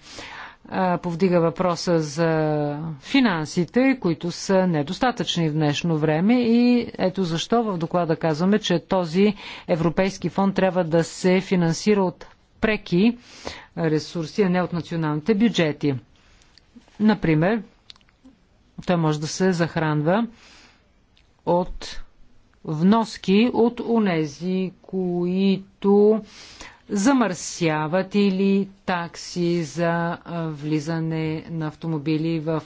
S2: повдига въпроса за финансите, които са недостатъчни в днешно време и ето защо в доклада казваме, че този европейски фонд трябва да се финансира от преки ресурси, а не от националните бюджети. Например, той може да се захранва от вноски от онези, които замърсяват или такси за влизане на автомобили в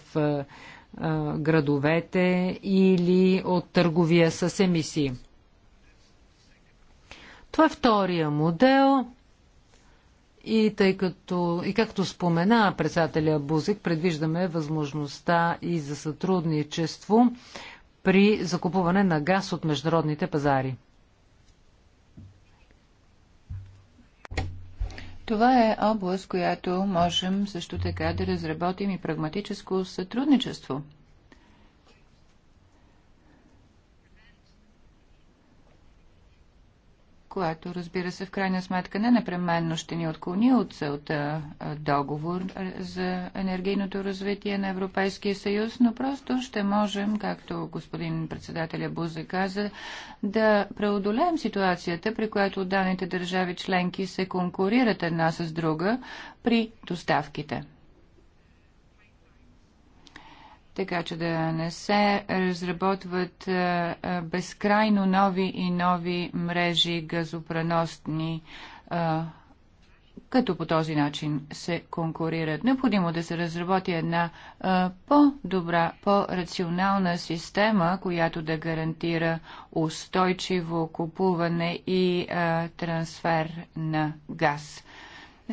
S2: градовете или от търговия с емисии. Това е втория модел. И тъй като, и както спомена председателя Бузик, предвиждаме възможността и за сътрудничество при закупуване на газ от международните пазари.
S4: Това е област, която можем също така да разработим и прагматическо сътрудничество – което разбира се в крайна сметка не непременно ще ни отклони от целта договор за енергийното развитие на Европейския съюз, но просто ще можем, както господин председателя Бузе каза, да преодолеем ситуацията, при която отданите държави членки се конкурират една с друга при доставките така че да не се разработват безкрайно нови и нови мрежи газопреносни, като по този начин се конкурират. Необходимо да се разработи една по-добра, по-рационална система, която да гарантира устойчиво купуване и трансфер на газ.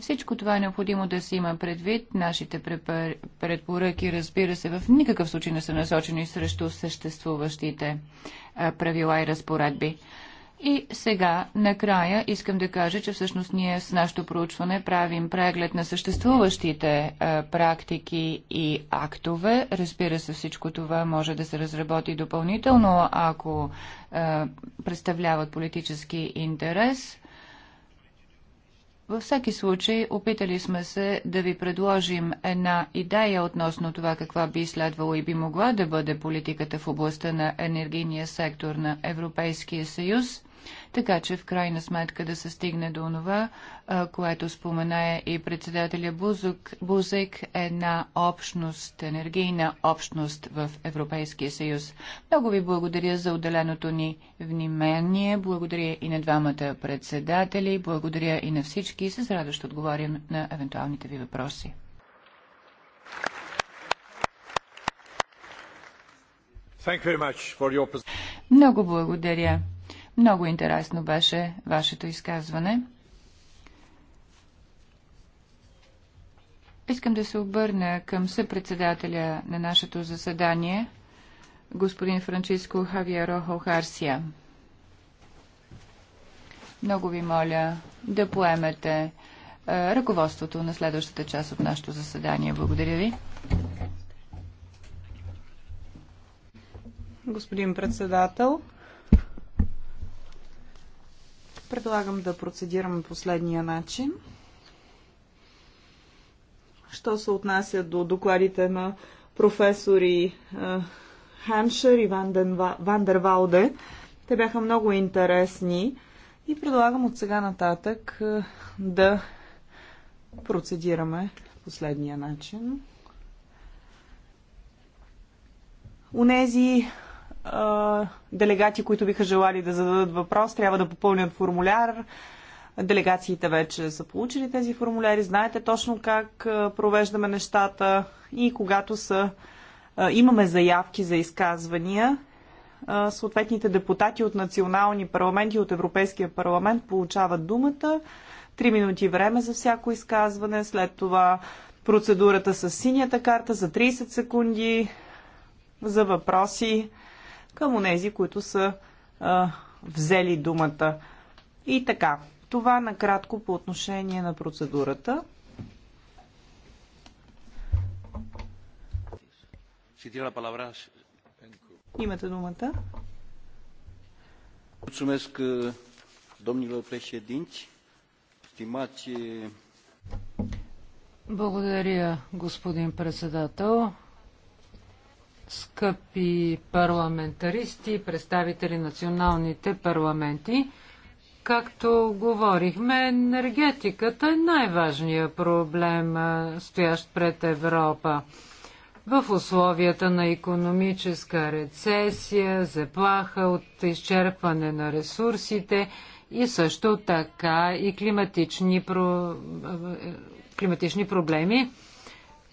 S4: Всичко това е необходимо да се има предвид. Нашите предпоръки, разбира се, в никакъв случай не са насочени срещу съществуващите правила и разпоредби. И сега, накрая, искам да кажа, че всъщност ние с нашето проучване правим преглед на съществуващите а, практики и актове. Разбира се, всичко това може да се разработи допълнително, ако а, представляват политически интерес. Във всеки случай, опитали сме се да ви предложим една идея относно това каква би следвало и би могла да бъде политиката в областта на енергийния сектор на Европейския съюз така че в крайна сметка да се стигне до това, което спомена и председателя Бузък, Бузък една общност, енергийна общност в Европейския съюз. Много ви благодаря за отделеното ни внимание, благодаря и на двамата председатели, благодаря и на всички и с радост отговорим на евентуалните ви въпроси.
S1: Your...
S4: Много благодаря много интересно беше вашето изказване. Искам да се обърна към съпредседателя на нашето заседание, господин Франциско Хавиаро Хохарсия. Много ви моля да поемете е, ръководството на следващата част от нашето заседание. Благодаря ви.
S3: Господин председател, Предлагам да процедираме последния начин. Що се отнася до докладите на професори е, Ханшер и Вандервалде, те бяха много интересни и предлагам от сега нататък е, да процедираме последния начин. Унези делегати, които биха желали да зададат въпрос, трябва да попълнят формуляр. Делегациите вече са получили тези формуляри, знаете точно как провеждаме нещата и когато са, имаме заявки за изказвания, съответните депутати от национални парламенти от Европейския парламент получават думата. Три минути време за всяко изказване, след това процедурата с синята карта за 30 секунди за въпроси към онези, които са а, взели думата. И така, това накратко по отношение на процедурата. Имате думата.
S4: Mulțumesc, е, domnilor președinți, stimați... Е,
S3: Благодаря,
S2: господин председател скъпи парламентаристи, представители националните парламенти. Както говорихме, енергетиката е най-важният проблем, стоящ пред Европа. В условията на економическа рецесия, заплаха от изчерпване на ресурсите и също така и климатични, климатични проблеми,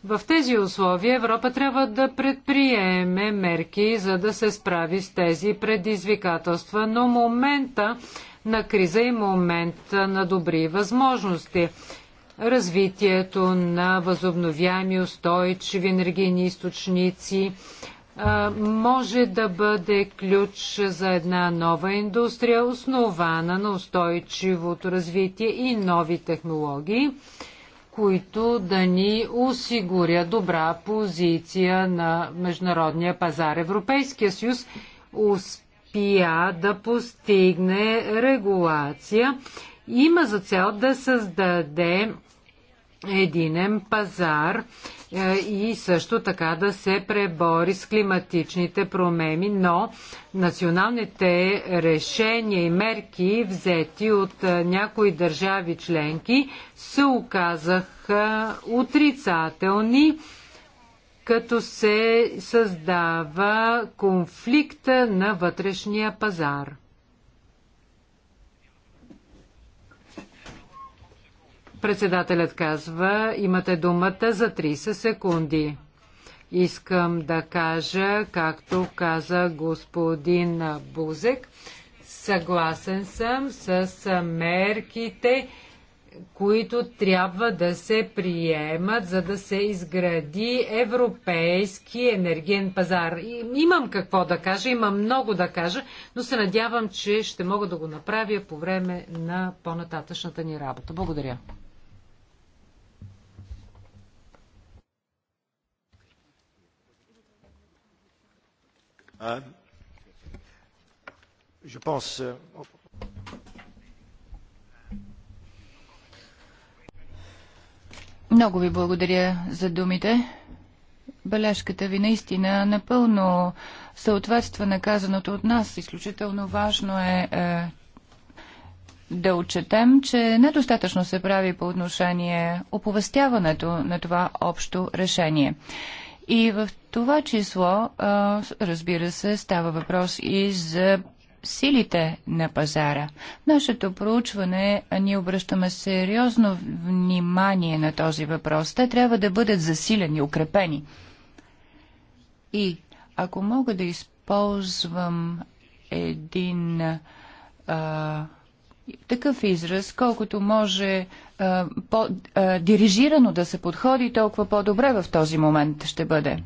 S2: в тези условия Европа трябва да предприеме мерки, за да се справи с тези предизвикателства, но момента на криза и момента на добри възможности. Развитието на възобновяеми устойчиви енергийни източници може да бъде ключ за една нова индустрия, основана на устойчивото развитие и нови технологии които да ни осигуря добра позиция на международния пазар. Европейския съюз успя да постигне регулация. Има за цел да създаде единен пазар е, и също така да се пребори с климатичните промени, но националните решения и мерки, взети от е, някои държави членки, се оказаха е, отрицателни като се създава конфликта на вътрешния пазар. Председателят казва, имате думата за 30 секунди. Искам да кажа, както каза господин Бузек, съгласен съм с мерките, които трябва да се приемат, за да се изгради европейски енергиен пазар. Имам какво да кажа, имам много да кажа, но се надявам, че ще мога да го направя по време на по-нататъчната ни работа. Благодаря. Euh, je pense. Euh, oh.
S4: Много ви благодаря за думите. Бележката ви наистина напълно съответства на казаното от нас. Изключително важно е, е да отчетем, че недостатъчно се прави по отношение оповестяването на това общо решение. И в това число, разбира се, става въпрос и за силите на пазара. В нашето проучване ние обръщаме сериозно внимание на този въпрос. Те трябва да бъдат засилени, укрепени. И ако мога да използвам един а, такъв израз, колкото може по-дирижирано да се подходи, толкова по-добре в този момент ще бъде.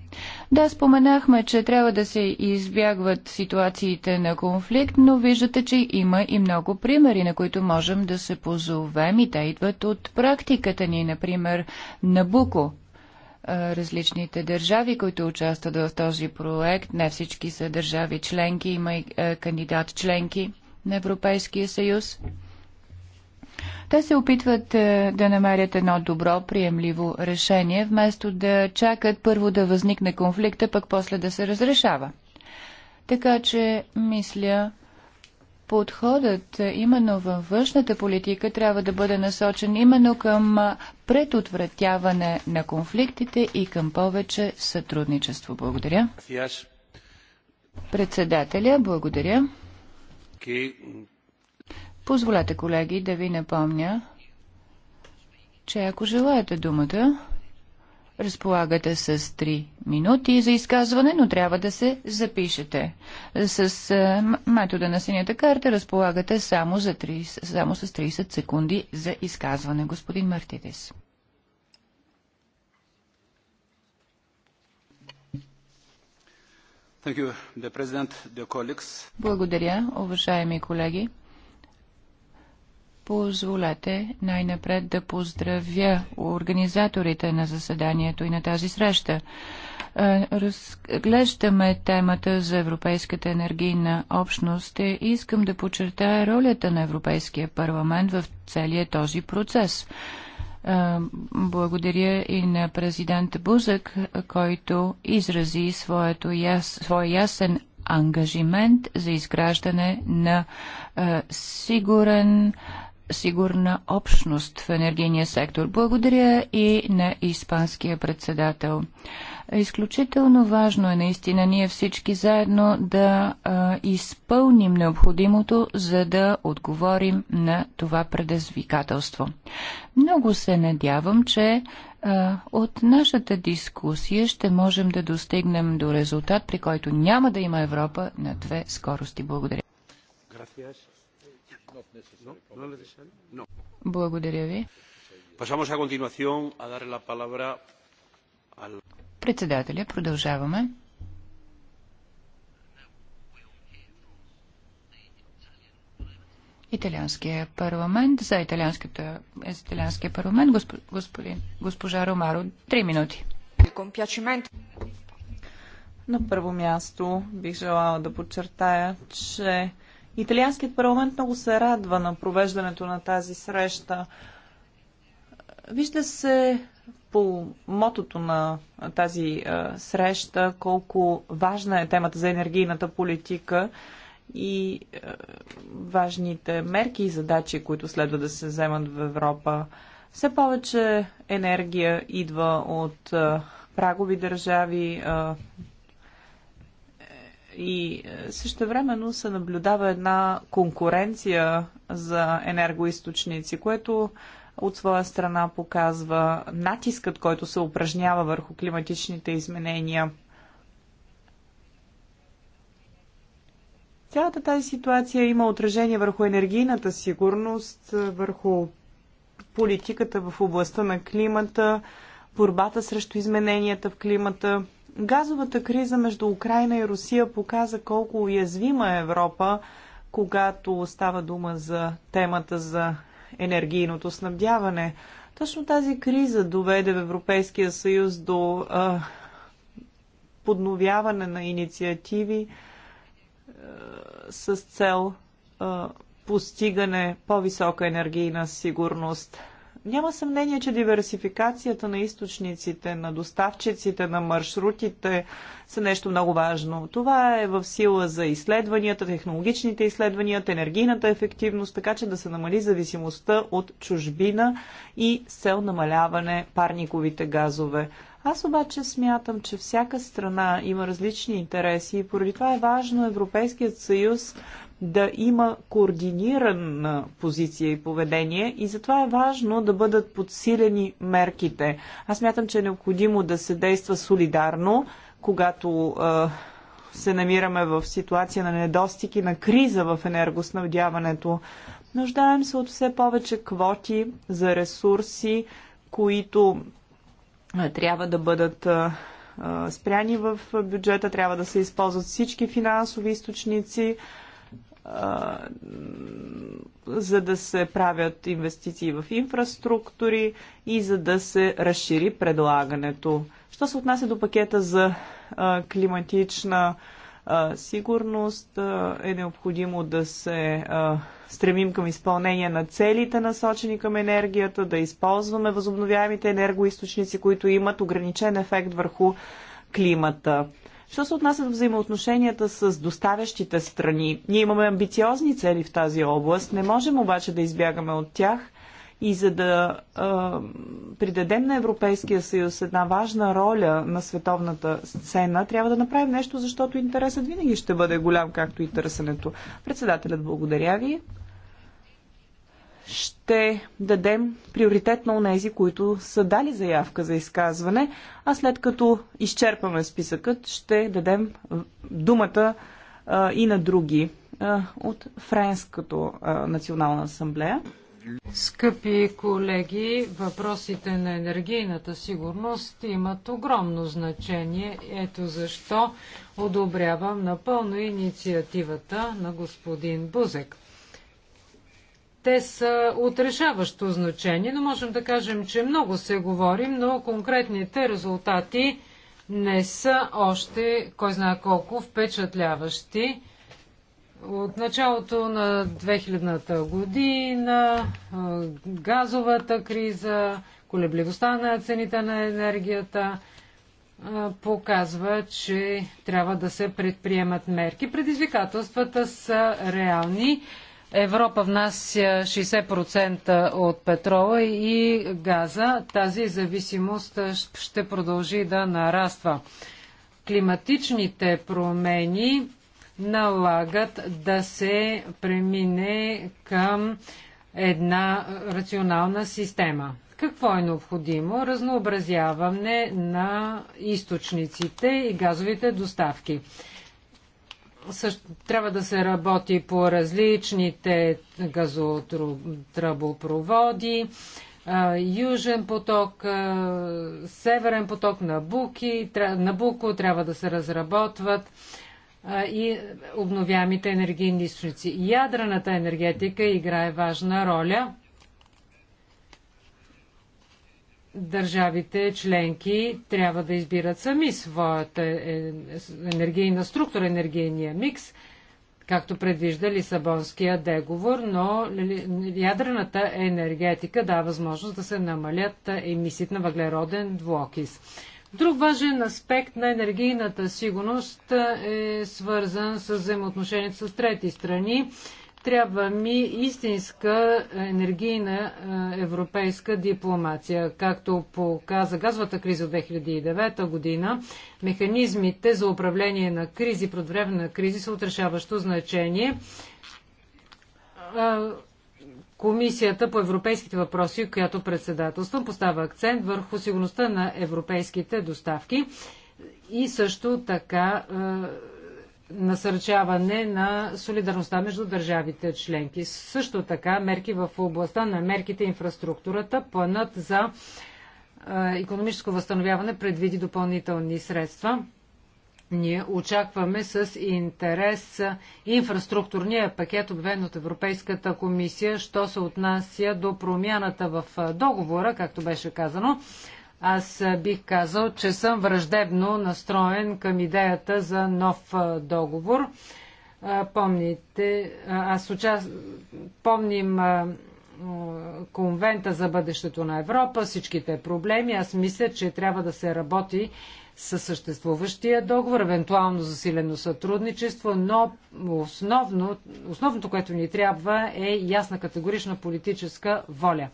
S4: Да, споменахме, че трябва да се избягват ситуациите на конфликт, но виждате, че има и много примери, на които можем да се позовем и те идват от практиката ни, например Набуко, различните държави, които участват в този проект. Не всички са държави членки, има и кандидат членки на Европейския съюз. Те се опитват е, да намерят едно добро, приемливо решение, вместо да чакат първо да възникне конфликта, пък после да се разрешава. Така че, мисля, подходът е, именно във външната политика трябва да бъде насочен именно към е, предотвратяване на конфликтите и към повече сътрудничество. Благодаря. Председателя, благодаря. Позволете, колеги, да ви напомня, че ако желаете думата, разполагате с 3 минути за изказване, но трябва да се запишете. С е, метода на синята карта разполагате само, за 30, само с 30 секунди за изказване. Господин Мартидис. Благодаря, уважаеми колеги. Позволете най-напред да поздравя организаторите на заседанието и на тази среща. Е, разглеждаме темата за Европейската енергийна общност и искам да подчертая ролята на Европейския парламент в целия този процес. Е, благодаря и на президент Бузък, който изрази своето яс, своя ясен ангажимент за изграждане на е, сигурен, сигурна общност в енергийния сектор. Благодаря и на испанския председател. Е изключително важно е наистина ние всички заедно да а, изпълним необходимото, за да отговорим на това предизвикателство. Много се надявам, че а, от нашата дискусия ще можем да достигнем до резултат, при който няма да има Европа на две скорости. Благодаря. Благодаря ви.
S1: Pasamos a continuación a darle la palabra al
S4: Председателя, продължаваме. Италианския парламент, за италианската, е италианския парламент, господин, госпожа Ромаро, три
S3: минути. На първо място бих желала да подчертая, че Италианският парламент много се радва на провеждането на тази среща. Вижда се по мотото на тази среща колко важна е темата за енергийната политика и важните мерки и задачи, които следва да се вземат в Европа. Все повече енергия идва от прагови държави и също времено се наблюдава една конкуренция за енергоисточници, което от своя страна показва натискът, който се упражнява върху климатичните изменения. Цялата тази ситуация има отражение върху енергийната сигурност, върху политиката в областта на климата, борбата срещу измененията в климата. Газовата криза между Украина и Русия показа колко уязвима е Европа, когато става дума за темата за енергийното снабдяване. Точно тази криза доведе в Европейския съюз до а, подновяване на инициативи а, с цел а, постигане по-висока енергийна сигурност – няма съмнение, че диверсификацията на източниците, на доставчиците, на маршрутите са нещо много важно. Това е в сила за изследванията, технологичните изследвания, енергийната ефективност, така че да се намали зависимостта от чужбина и сел цел намаляване парниковите газове. Аз обаче смятам, че всяка страна има различни интереси и поради това е важно Европейският съюз да има координирана позиция и поведение и затова е важно да бъдат подсилени мерките. Аз мятам, че е необходимо да се действа солидарно, когато се намираме в ситуация на недостиг и на криза в енергоснабдяването. Нуждаем се от все повече квоти за ресурси, които трябва да бъдат спряни в бюджета, трябва да се използват всички финансови източници, за да се правят инвестиции в инфраструктури и за да се разшири предлагането. Що се отнася до пакета за климатична сигурност, е необходимо да се стремим към изпълнение на целите, насочени към енергията, да използваме възобновяемите енергоисточници, които имат ограничен ефект върху климата. Що се отнася до взаимоотношенията с доставящите страни? Ние имаме амбициозни цели в тази област, не можем обаче да избягаме от тях – и за да е, придадем на Европейския съюз една важна роля на световната сцена, трябва да направим нещо, защото интересът винаги ще бъде голям, както и търсенето. Председателят, благодаря ви ще дадем приоритет на онези, които са дали заявка за изказване, а след като изчерпаме списъкът, ще дадем думата а, и на други а, от Френската национална асамблея.
S2: Скъпи колеги, въпросите на енергийната сигурност имат огромно значение. Ето защо одобрявам напълно инициативата на господин Бузек те са отрешаващо значение, но можем да кажем, че много се говорим, но конкретните резултати не са още, кой знае колко, впечатляващи. От началото на 2000-та година, газовата криза, колебливостта на цените на енергията показва, че трябва да се предприемат мерки. Предизвикателствата са реални. Европа внася 60% от петрола и газа. Тази зависимост ще продължи да нараства. Климатичните промени налагат да се премине към една рационална система. Какво е необходимо? Разнообразяване на източниците и газовите доставки също, трябва да се работи по различните газотръбопроводи, Южен поток, Северен поток, Набуки, Набуко трябва да се разработват и обновямите енергийни източници. Ядрената енергетика играе важна роля – държавите членки трябва да избират сами своята е, енергийна структура, енергийния микс, както предвижда Лисабонския договор, но ядрената енергетика дава възможност да се намалят емисиите на въглероден двуокис. Друг важен аспект на енергийната сигурност е свързан с взаимоотношението с трети страни трябва ми истинска енергийна е, европейска дипломация. Както показа газовата криза от 2009 година, механизмите за управление на кризи, предвремена на кризи са отрешаващо значение. Е, комисията по европейските въпроси, която председателствам, поставя акцент върху сигурността на европейските доставки и също така е, насърчаване на солидарността между държавите членки. Също така мерки в областта на мерките и инфраструктурата. Планът за економическо възстановяване предвиди допълнителни средства. Ние очакваме с интерес инфраструктурния пакет, обвен от Европейската комисия, що се отнася до промяната в договора, както беше казано аз бих казал, че съм враждебно настроен към идеята за нов договор. Помните, аз участ... помним конвента за бъдещето на Европа, всичките проблеми. Аз мисля, че трябва да се работи със съществуващия договор, евентуално засилено сътрудничество, но основно, основното, което ни трябва е ясна категорична политическа воля.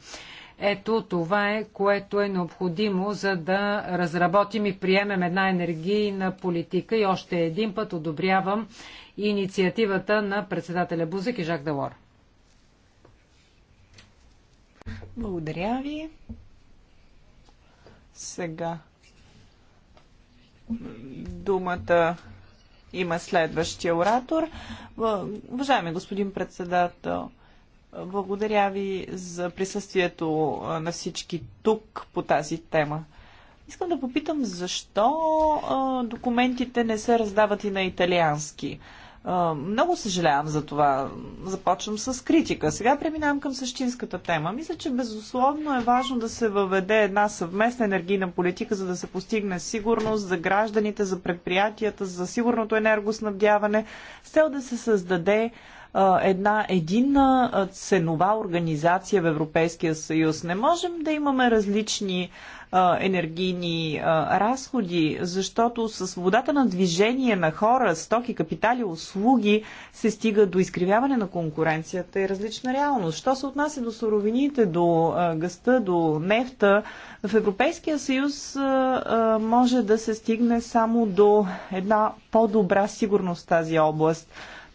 S2: Ето това е, което е необходимо, за да разработим и приемем една енергийна политика. И още един път одобрявам инициативата на председателя Бузик и Жак Делор.
S3: Благодаря ви. Сега думата има следващия оратор. Уважаеми господин председател, благодаря ви за присъствието на всички тук по тази тема. Искам да попитам защо документите не се раздават и на италиански. много съжалявам за това. Започвам с критика. Сега преминавам към същинската тема. Мисля, че безусловно е важно да се въведе една съвместна енергийна политика, за да се постигне сигурност за гражданите, за предприятията, за сигурното енергоснабдяване, с цел да се създаде една единна ценова организация в Европейския съюз. Не можем да имаме различни енергийни разходи, защото с свободата на движение на хора, стоки, капитали, услуги се стига до изкривяване на конкуренцията и е различна реалност. Що се отнася до суровините, до гъста, до нефта, в Европейския съюз може да се стигне само до една по-добра сигурност в тази област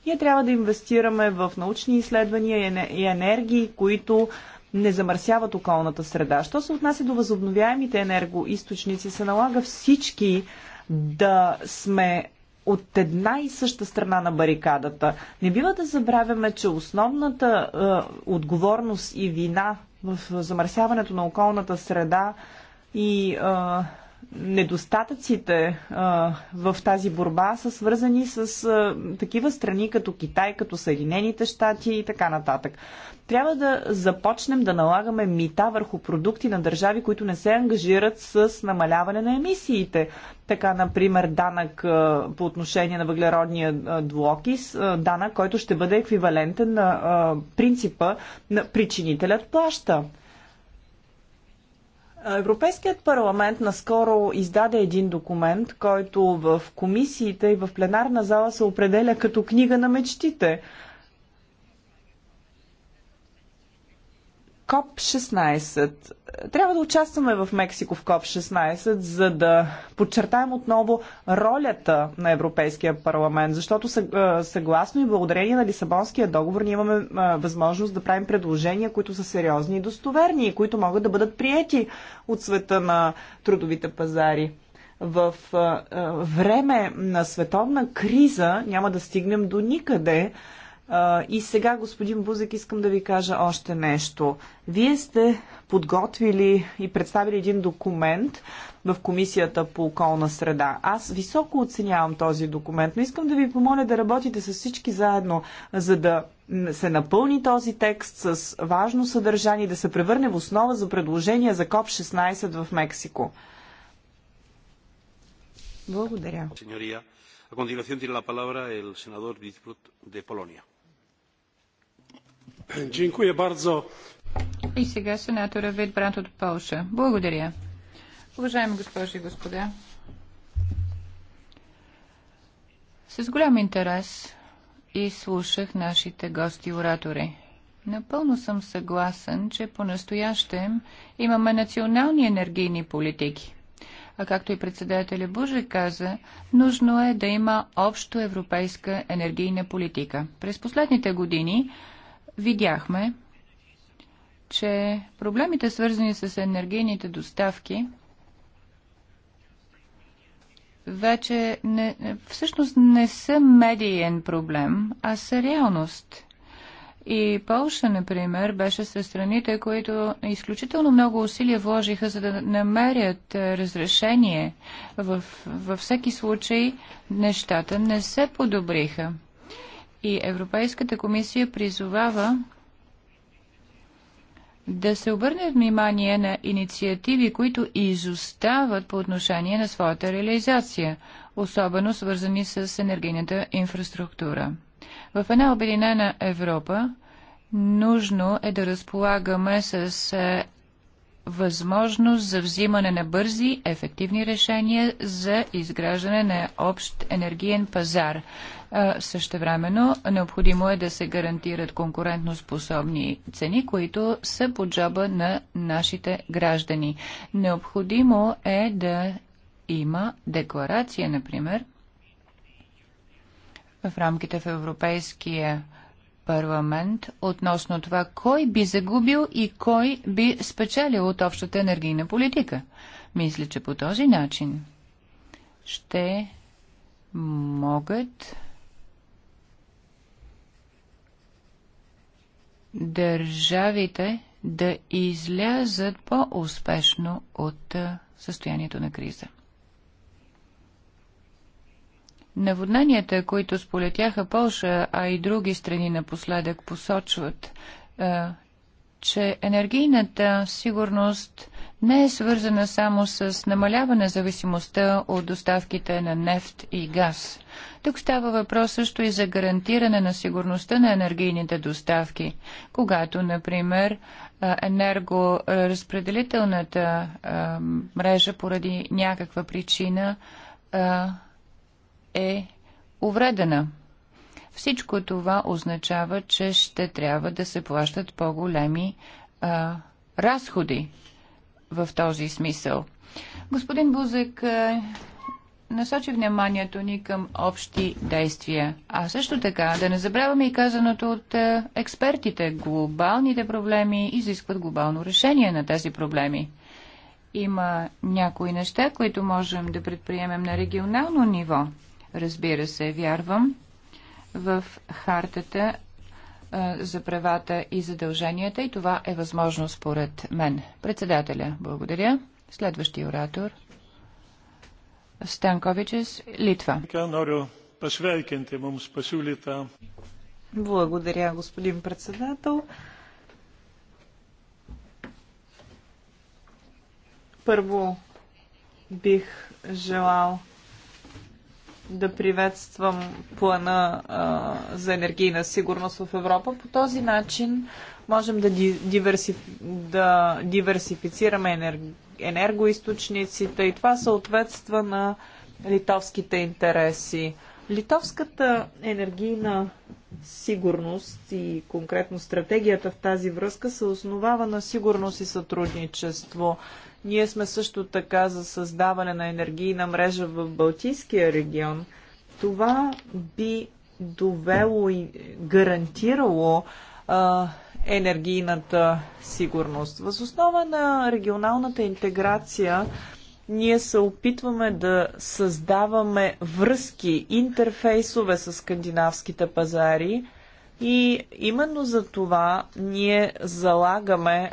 S3: ние трябва да инвестираме в научни изследвания и енергии, които не замърсяват околната среда. Що се отнася до възобновяемите енергоисточници, се налага всички да сме от една и съща страна на барикадата. Не бива да забравяме, че основната е, отговорност и вина в замърсяването на околната среда и е, недостатъците а, в тази борба са свързани с а, такива страни като Китай, като Съединените щати и така нататък. Трябва да започнем да налагаме мита върху продукти на държави, които не се ангажират с намаляване на емисиите. Така, например, данък а, по отношение на въглеродния двуокис, данък, който ще бъде еквивалентен на принципа на причинителят плаща. Европейският парламент наскоро издаде един документ, който в комисиите и в пленарна зала се определя като книга на мечтите. КОП-16. Трябва да участваме в Мексико в КОП-16, за да подчертаем отново ролята на Европейския парламент, защото съгласно и благодарение на Лисабонския договор ние имаме възможност да правим предложения, които са сериозни и достоверни и които могат да бъдат приети от света на трудовите пазари. В време на световна криза няма да стигнем до никъде, и сега, господин Бузек, искам да ви кажа още нещо. Вие сте подготвили и представили един документ в Комисията по околна среда. Аз високо оценявам този документ, но искам да ви помоля да работите с всички заедно, за да се напълни този текст с важно съдържание и да се превърне в основа за предложение за КОП-16 в Мексико. Благодаря.
S2: a continuación tiene la palabra el senador Bitbrut de Polonia.
S4: И сега сенатора Витбрант от Полша. Благодаря. Уважаеми госпожи и господа, с голям интерес и слушах нашите гости-оратори. Напълно съм съгласен, че по-настоящем имаме национални енергийни политики. А както и председателя Буже каза, нужно е да има общо европейска енергийна политика. През последните години видяхме, че проблемите, свързани с енергийните доставки, вече не, всъщност не са медиен проблем, а са реалност. И Полша, например, беше със страните, които изключително много усилия вложиха, за да намерят е, разрешение. В, във всеки случай нещата не се подобриха. И Европейската комисия призовава да се обърне внимание на инициативи, които изостават по отношение на своята реализация, особено свързани с енергийната инфраструктура. В една обединена Европа нужно е да разполагаме с е, възможност за взимане на бързи, ефективни решения за изграждане на общ енергиен пазар. Същевременно необходимо е да се гарантират конкурентно способни цени, които са по джоба на нашите граждани. Необходимо е да има декларация, например, в рамките в Европейския парламент относно това кой би загубил и кой би спечелил от общата енергийна политика. Мисля, че по този начин ще могат държавите да излязат по-успешно от състоянието на криза. Наводненията, които сполетяха Полша, а и други страни напоследък посочват, че енергийната сигурност не е свързана само с намаляване зависимостта от доставките на нефт и газ. Тук става въпрос също и за гарантиране на сигурността на енергийните доставки, когато, например, енергоразпределителната мрежа поради някаква причина е увредена. Всичко това означава, че ще трябва да се плащат по-големи разходи в този смисъл. Господин Бузек насочи вниманието ни към общи действия. А също така да не забравяме и казаното от експертите. Глобалните проблеми изискват глобално решение на тези проблеми. Има някои неща, които можем да предприемем на регионално ниво. Разбира се, вярвам в хартата за правата и задълженията и това е възможно според мен. Председателя, благодаря. Следващия оратор. Станковичес, Литва.
S3: Благодаря, господин председател. Първо бих желал да приветствам плана а, за енергийна сигурност в Европа. По този начин можем да, диверсиф... да диверсифицираме енер... енергоисточниците и това съответства на литовските интереси. Литовската енергийна сигурност и конкретно стратегията в тази връзка се основава на сигурност и сътрудничество. Ние сме също така за създаване на енергийна мрежа в Балтийския регион. Това би довело и гарантирало а, енергийната сигурност. Въз основа на регионалната интеграция ние се опитваме да създаваме връзки, интерфейсове с скандинавските пазари и именно за това ние залагаме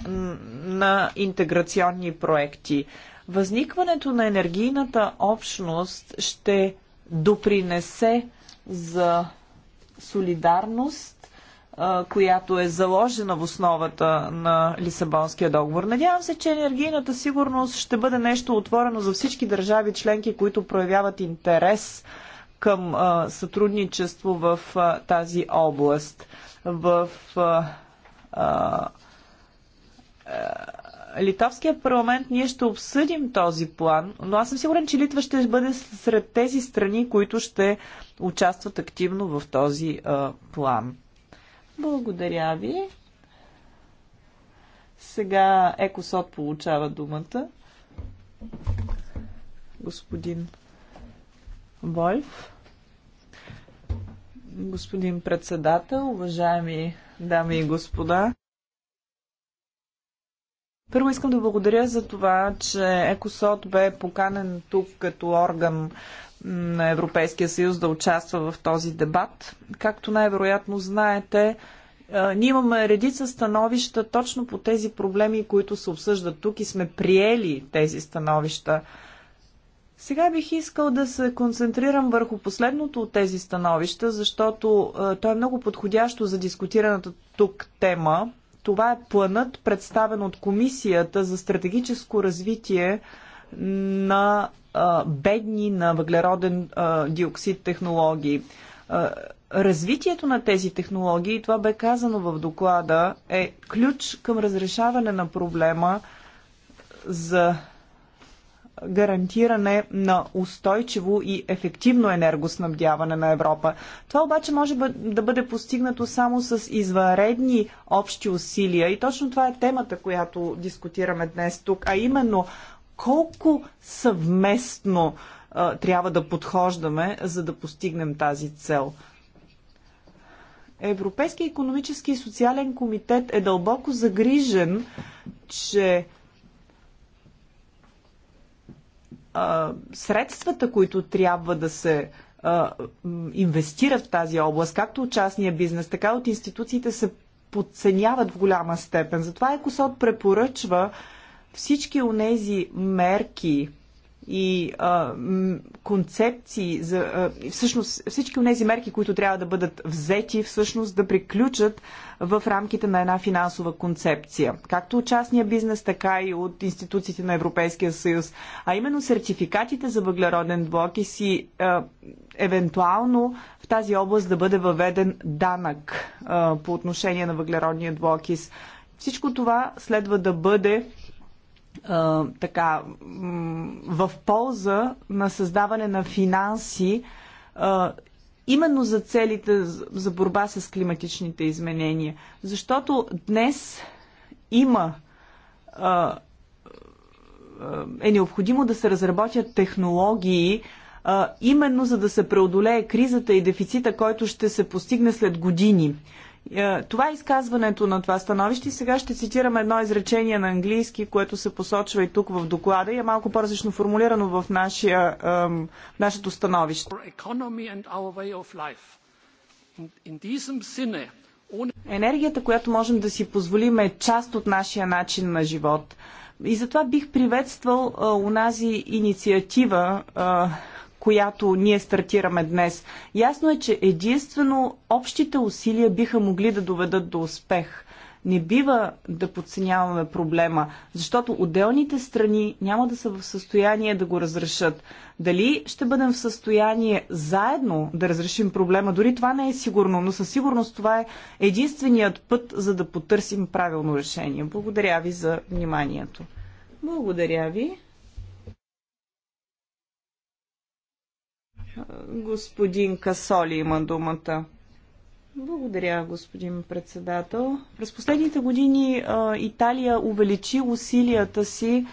S3: на интеграционни проекти. Възникването на енергийната общност ще допринесе за солидарност която е заложена в основата на Лисабонския договор. Надявам се, че енергийната сигурност ще бъде нещо отворено за всички държави членки, които проявяват интерес към сътрудничество в тази област. В а, а, Литовския парламент ние ще обсъдим този план, но аз съм сигурен, че Литва ще бъде сред тези страни, които ще участват активно в този а, план. Благодаря ви. Сега Екосот получава думата. Господин Вольф. Господин председател, уважаеми дами и господа. Първо искам да благодаря за това, че Екосот бе поканен тук като орган на Европейския съюз да участва в този дебат. Както най-вероятно знаете, ние имаме редица становища точно по тези проблеми, които се обсъждат тук и сме приели тези становища. Сега бих искал да се концентрирам върху последното от тези становища, защото то е много подходящо за дискутираната тук тема. Това е планът, представен от Комисията за стратегическо развитие на бедни на въглероден диоксид технологии. Развитието на тези технологии, това бе казано в доклада, е ключ към разрешаване на проблема за гарантиране на устойчиво и ефективно енергоснабдяване на Европа. Това обаче може да бъде постигнато само с извънредни общи усилия и точно това е темата, която дискутираме днес тук, а именно колко съвместно а, трябва да подхождаме, за да постигнем тази цел. Европейския економически и социален комитет е дълбоко загрижен, че а, средствата, които трябва да се а, инвестират в тази област, както от частния бизнес, така от институциите, се подценяват в голяма степен. Затова ЕКОСОД препоръчва а, всички онези мерки и а, концепции за а, всъщност всички тези мерки, които трябва да бъдат взети, всъщност да приключат в рамките на една финансова концепция. Както от частния бизнес, така и от институциите на Европейския съюз. А именно сертификатите за въглероден двуокис и а, евентуално в тази област да бъде въведен данък а, по отношение на въглеродния двуокис. Всичко това следва да бъде така, в полза на създаване на финанси именно за целите за борба с климатичните изменения. Защото днес има е необходимо да се разработят технологии, именно за да се преодолее кризата и дефицита, който ще се постигне след години. Е, това е изказването на това становище. Сега ще цитирам едно изречение на английски, което се посочва и тук в доклада и е малко по-различно формулирано в нашия, нашето становище. Енергията, която можем да си позволим е част от нашия начин на живот. И затова бих приветствал а, унази инициатива, а, която ние стартираме днес. Ясно е, че единствено общите усилия биха могли да доведат до успех. Не бива да подценяваме проблема, защото отделните страни няма да са в състояние да го разрешат. Дали ще бъдем в състояние заедно да разрешим проблема, дори това не е сигурно, но със сигурност това е единственият път, за да потърсим правилно решение. Благодаря ви за вниманието.
S1: Благодаря ви.
S3: Господин Касоли има думата. Благодаря, господин председател. През последните години а, Италия увеличи усилията си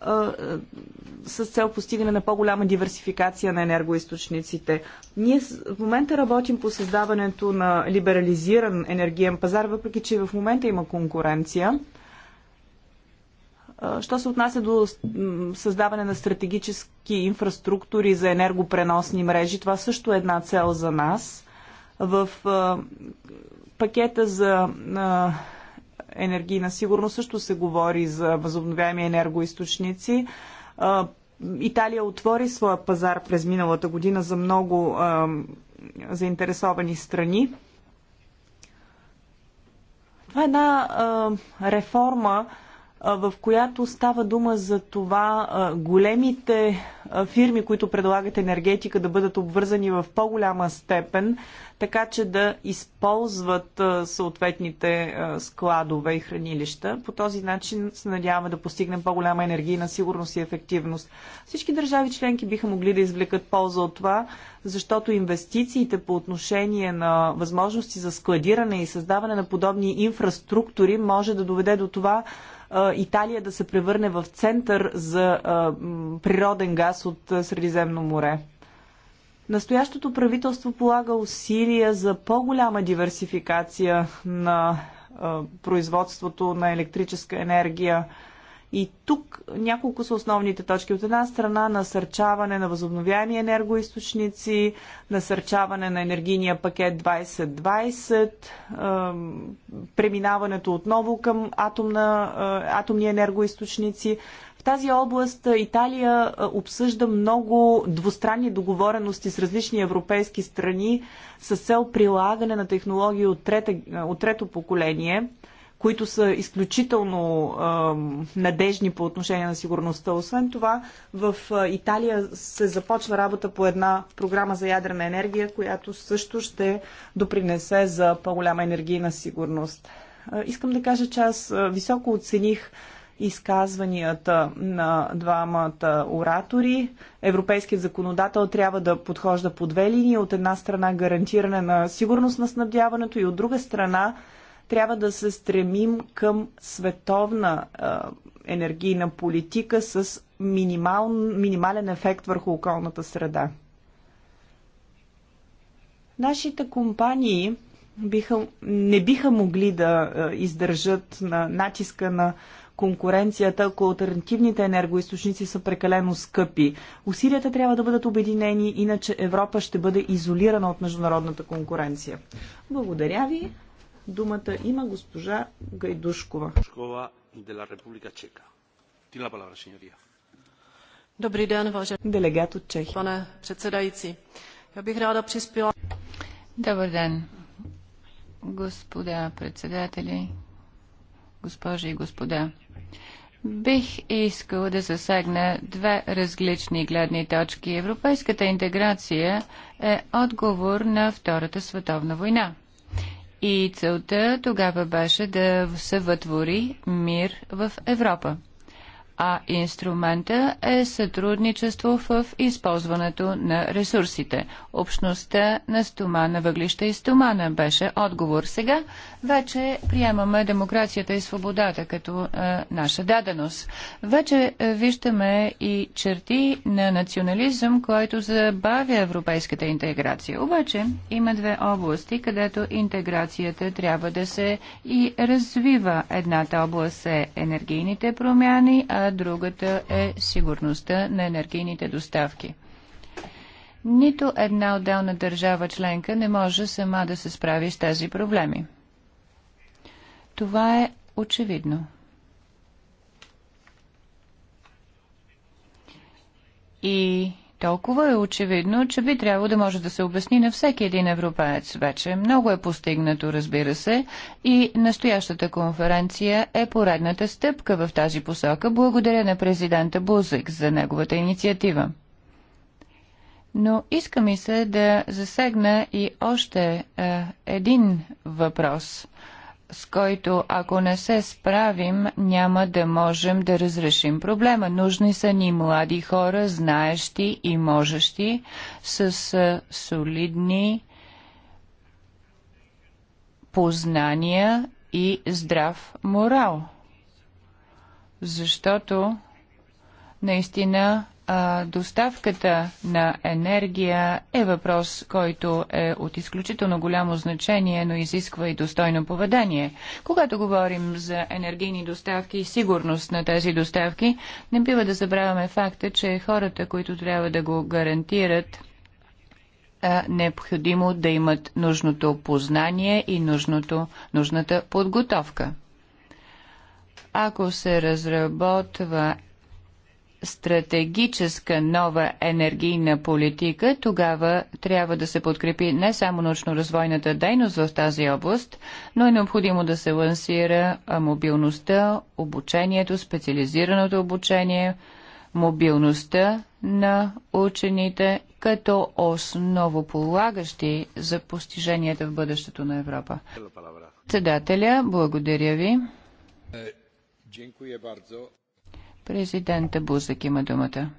S3: а, с цел постигане на по-голяма диверсификация на енергоисточниците. Ние в момента работим по създаването на либерализиран енергиен пазар, въпреки че в момента има конкуренция. Що се отнася до създаване на стратегически инфраструктури за енергопреносни мрежи, това също е една цел за нас. В пакета за енергийна сигурност също се говори за възобновяеми енергоисточници. Италия отвори своя пазар през миналата година за много заинтересовани страни. Това е една реформа, в която става дума за това големите фирми, които предлагат енергетика, да бъдат обвързани в по-голяма степен, така че да използват съответните складове и хранилища. По този начин се надяваме да постигнем по-голяма енергийна сигурност и ефективност. Всички държави членки биха могли да извлекат полза от това, защото инвестициите по отношение на възможности за складиране и създаване на подобни инфраструктури може да доведе до това, Италия да се превърне в център за природен газ от Средиземно море. Настоящото правителство полага усилия за по-голяма диверсификация на производството на електрическа енергия и тук няколко са основните точки. От една страна насърчаване на възобновяеми енергоисточници, насърчаване на енергийния пакет 2020, э, преминаването отново към атомна, атомни енергоисточници. В тази област Италия обсъжда много двустранни договорености с различни европейски страни с цел прилагане на технологии от, трета, от трето поколение – които са изключително а, надежни по отношение на сигурността. Освен това, в Италия се започва работа по една програма за ядрена енергия, която също ще допринесе за по-голяма енергийна сигурност. А, искам да кажа, че аз високо оцених изказванията на двамата оратори. Европейският законодател трябва да подхожда по две линии. От една страна гарантиране на сигурност на снабдяването и от друга страна трябва да се стремим към световна енергийна политика с минимал, минимален ефект върху околната среда. Нашите компании биха, не биха могли да издържат на натиска на конкуренцията, ако альтернативните енергоисточници са прекалено скъпи. Усилията трябва да бъдат обединени, иначе Европа ще бъде изолирана от международната конкуренция. Благодаря ви. Думата има госпожа Гайдушкова.
S2: на Република Чека. Ти палавра,
S3: Добрý den, vážený delegát od Čech. Pane předsedající, já bych ráda přispěla. Добър ден,
S4: господа председатели, госпожи и господа. Бих искал да засегна две различни гледни точки. Европейската интеграция е отговор на Втората световна война. И целта тогава беше да се вътвори мир в Европа а инструмента е сътрудничество в използването на ресурсите. Общността на стомана въглища и стомана беше отговор. Сега вече приемаме демокрацията и свободата като е, наша даденост. Вече е, виждаме и черти на национализъм, който забавя европейската интеграция. Обаче има две области, където интеграцията трябва да се и развива. Едната област е енергийните промяни. а другата е сигурността на енергийните доставки. Нито една отделна държава членка не може сама да се справи с тези проблеми. Това е очевидно. И толкова е очевидно, че би трябвало да може да се обясни на всеки един европеец вече. Много е постигнато, разбира се, и настоящата конференция е поредната стъпка в тази посока. Благодаря на президента Бузик за неговата инициатива. Но иска ми се да засегна и още е, един въпрос – с който ако не се справим, няма да можем да разрешим проблема. Нужни са ни млади хора, знаещи и можещи, с солидни познания и здрав морал. Защото наистина доставката на енергия е въпрос, който е от изключително голямо значение, но изисква и достойно поведение. Когато говорим за енергийни доставки и сигурност на тези доставки, не бива да забравяме факта, че хората, които трябва да го гарантират, е необходимо да имат нужното познание и нужното, нужната подготовка ако се разработва стратегическа нова енергийна политика, тогава трябва да се подкрепи не само научно-развойната дейност в тази област, но е необходимо да се лансира мобилността, обучението, специализираното обучение, мобилността на учените като основополагащи за постиженията в бъдещето на Европа. Председателя, благодаря ви. Е, Президента Бузък има думата.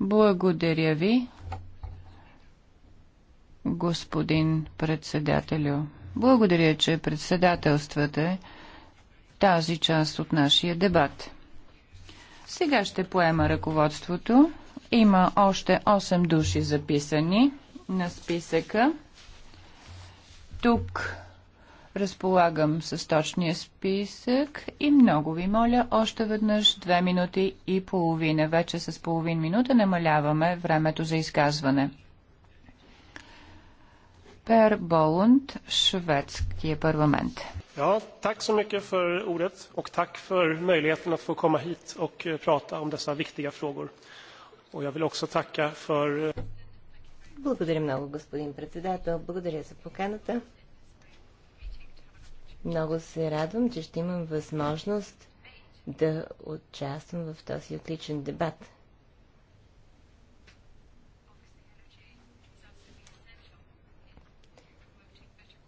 S4: Благодаря ви, господин председателю. Благодаря, че председателствате тази част от нашия дебат. Сега ще поема ръководството. Има още 8 души записани на списъка. Тук разполагам с точния списък и много ви моля, още веднъж две минути и половина. Вече с половин минута намаляваме времето за изказване. Пер Болунд, шведския парламент.
S1: Ja, tack så mycket för ordet och tack för möjligheten att få komma hit och eh, prata om dessa viktiga frågor. Och jag vill också tacka för... Eh, Благодаря много, господин председател. Благодаря за поканата. Много се радвам, че ще имам възможност да участвам в този отличен дебат.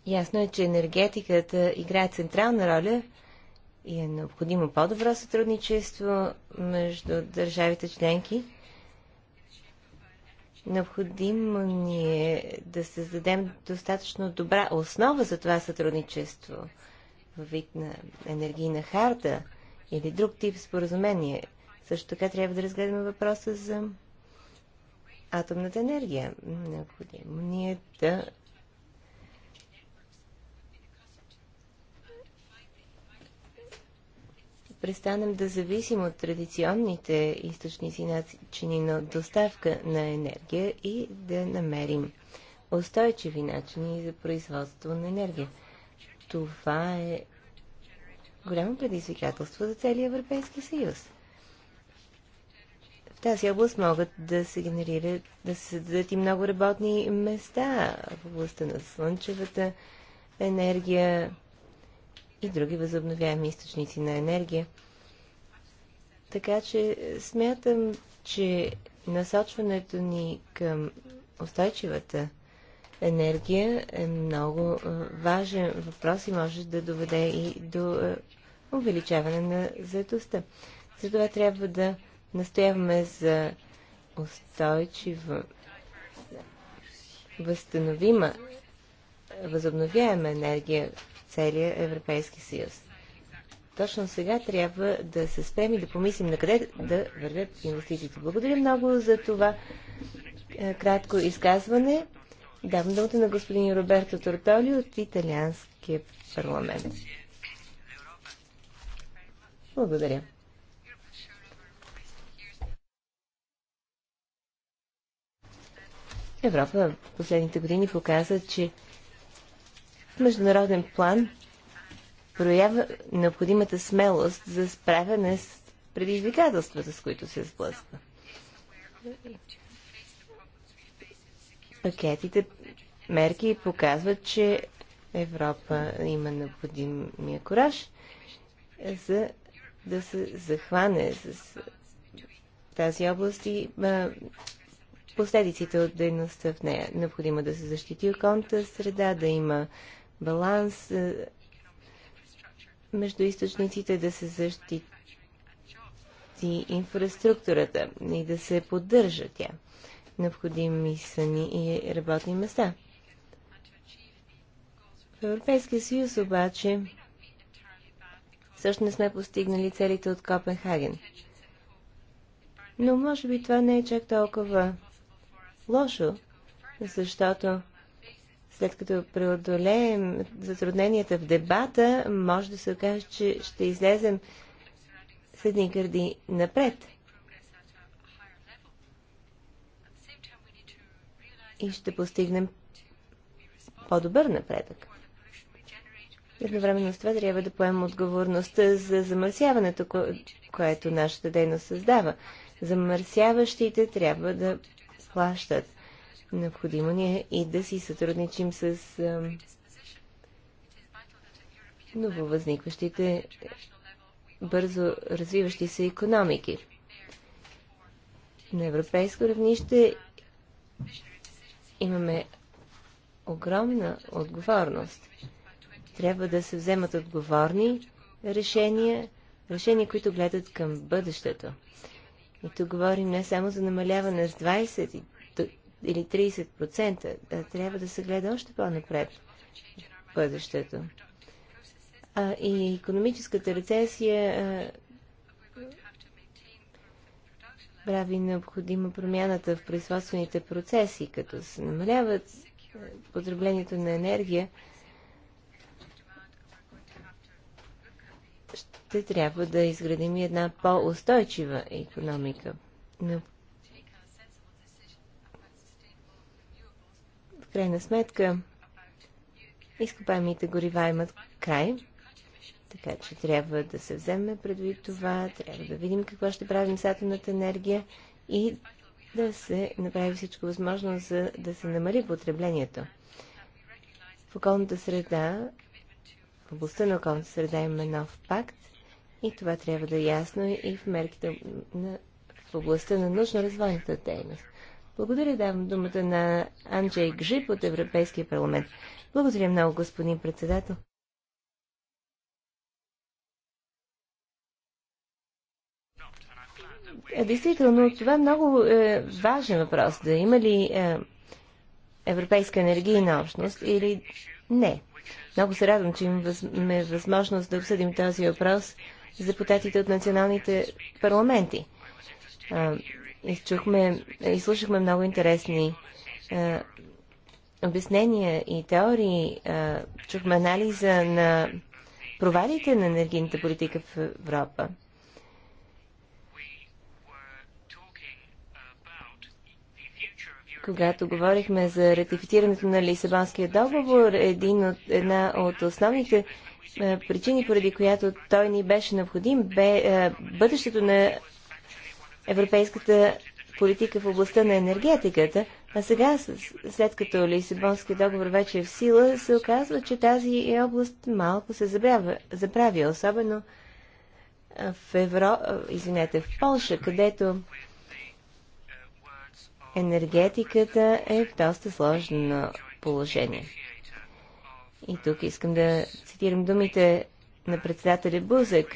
S1: Ясно е, че енергетиката играе централна роля и е необходимо по-добро сътрудничество между държавите членки. Необходимо ни е да създадем достатъчно добра основа за това сътрудничество вид на енергийна харта или друг тип споразумение. Също така трябва да разгледаме въпроса за атомната енергия. Необходимо ние да престанем да зависим от традиционните източници начини на доставка на енергия и да намерим устойчиви начини за производство на енергия. Това е голямо предизвикателство за целия Европейски съюз. В тази област могат да се генерират, да се създадат и много работни места в областта на слънчевата енергия и други възобновяеми източници на енергия. Така че смятам, че насочването ни към устойчивата енергия е много е, важен въпрос и може да доведе и до е, увеличаване на заедостта. Затова трябва да настояваме за устойчива, възстановима, възобновяема енергия в целия Европейски съюз. Точно сега трябва да се спрем и да помислим на къде да вървят инвестициите. Благодаря много за това е, кратко изказване. Давам думата на господин Роберто Тортоли от Италианския парламент. Благодаря. Европа в последните години показва, че в международен план проява необходимата смелост за справяне с предизвикателствата, с които се сблъсква пакетите мерки показват, че Европа има необходимия кораж е, за да се захване с тази област и последиците от дейността в нея. Необходимо е да се защити околната среда, да има баланс е, между източниците, да се защити инфраструктурата и да се поддържа тя. Необходими са ни и работни места. В Европейския съюз обаче също не сме постигнали целите от Копенхаген. Но може би това не е чак толкова лошо, защото след като преодолеем затрудненията в дебата, може да се окаже, че ще излезем с едни гърди напред. и ще постигнем по-добър напредък. Едновременно с това трябва да поемем отговорността за замърсяването, което нашата дейност създава. Замърсяващите трябва да плащат. Необходимо ни е и да си сътрудничим с нововъзникващите бързо развиващи се економики. На европейско равнище имаме огромна отговорност. Трябва да се вземат отговорни решения, решения, които гледат към бъдещето. И тук говорим не само за намаляване с 20 или 30%, а трябва да се гледа още по-напред в бъдещето. А, и економическата рецесия а, прави необходима промяната в производствените процеси, като се намаляват е, потреблението на енергия, ще трябва да изградим една по-устойчива економика. Но в крайна сметка изкопаемите горива имат край така че трябва да се вземе предвид това, трябва да видим какво ще правим с атомната енергия и да се направи всичко възможно, за да се намали потреблението. В околната среда, в областта на околната среда има нов пакт и това трябва да е ясно и в мерките на, в областта на научно-развойната дейност. Благодаря, давам думата на Анджей Гжип от Европейския парламент. Благодаря много, господин председател.
S4: Е, действително,
S1: това е много е, важен въпрос. Да има ли е, Европейска енергийна общност или не. Много се радвам, че имаме възможност да обсъдим този въпрос с депутатите от националните парламенти. А, изчухме, изслушахме много интересни е, обяснения и теории. чухме анализа на провалите на енергийната политика в Европа. когато говорихме за ратифицирането на Лисабонския договор, един от, една от основните е, причини, поради която той ни беше необходим, бе е, бъдещето на европейската политика в областта на енергетиката, а сега, след като Лисабонския договор вече е в сила, се оказва, че тази област малко се забравя, забравя особено в Евро... Е, извинете, в Польша, където енергетиката е в доста сложно положение. И тук искам да цитирам думите на председателя Бузък,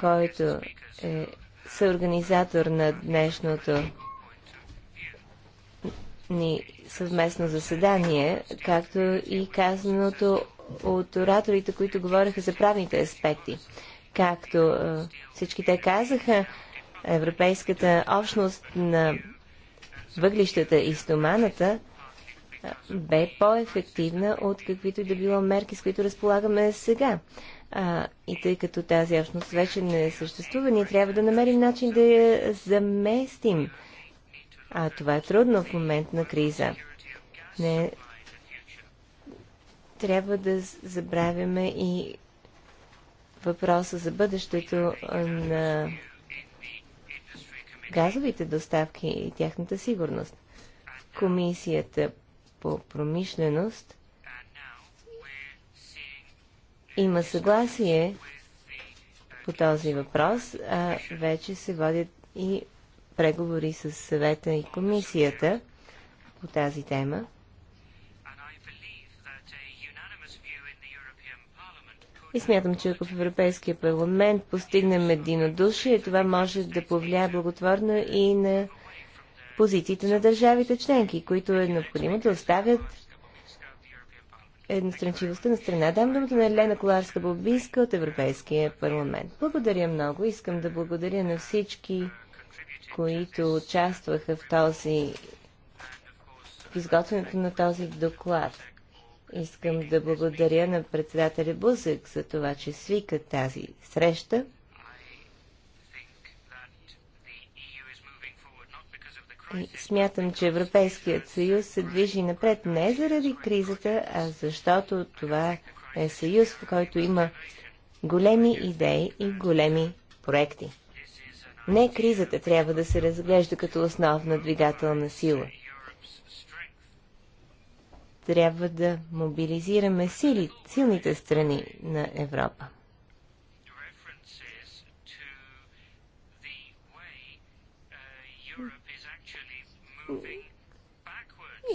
S1: който е съорганизатор на днешното ни съвместно заседание, както и казаното от ораторите, които говореха за правните аспекти. Както всички те казаха, Европейската общност на въглищата и стоманата бе по-ефективна от каквито и да било мерки, с които разполагаме сега. А, и тъй като тази общност вече не е съществува, ние трябва да намерим начин да я заместим. А това е трудно в момент на криза. Не трябва да забравяме и въпроса за бъдещето на газовите доставки и тяхната сигурност. Комисията по промишленост има съгласие по този въпрос, а вече се водят и преговори с съвета и комисията по тази тема. И смятам, че ако в Европейския парламент постигнем единодушие, това може да повлияе благотворно и на позициите на държавите членки, които е необходимо да оставят едностранчивостта на страна. Дам думата на Елена Коларска-Бобийска от Европейския парламент. Благодаря много. Искам да благодаря на всички, които участваха в този в изготвянето на този доклад. Искам да благодаря на председателя Бузък за това, че свика тази среща. И смятам, че Европейският съюз се движи напред не заради кризата, а защото това е съюз, в който има големи идеи и големи проекти. Не кризата трябва да се разглежда като основна двигателна сила – трябва да мобилизираме сили, силните страни на Европа.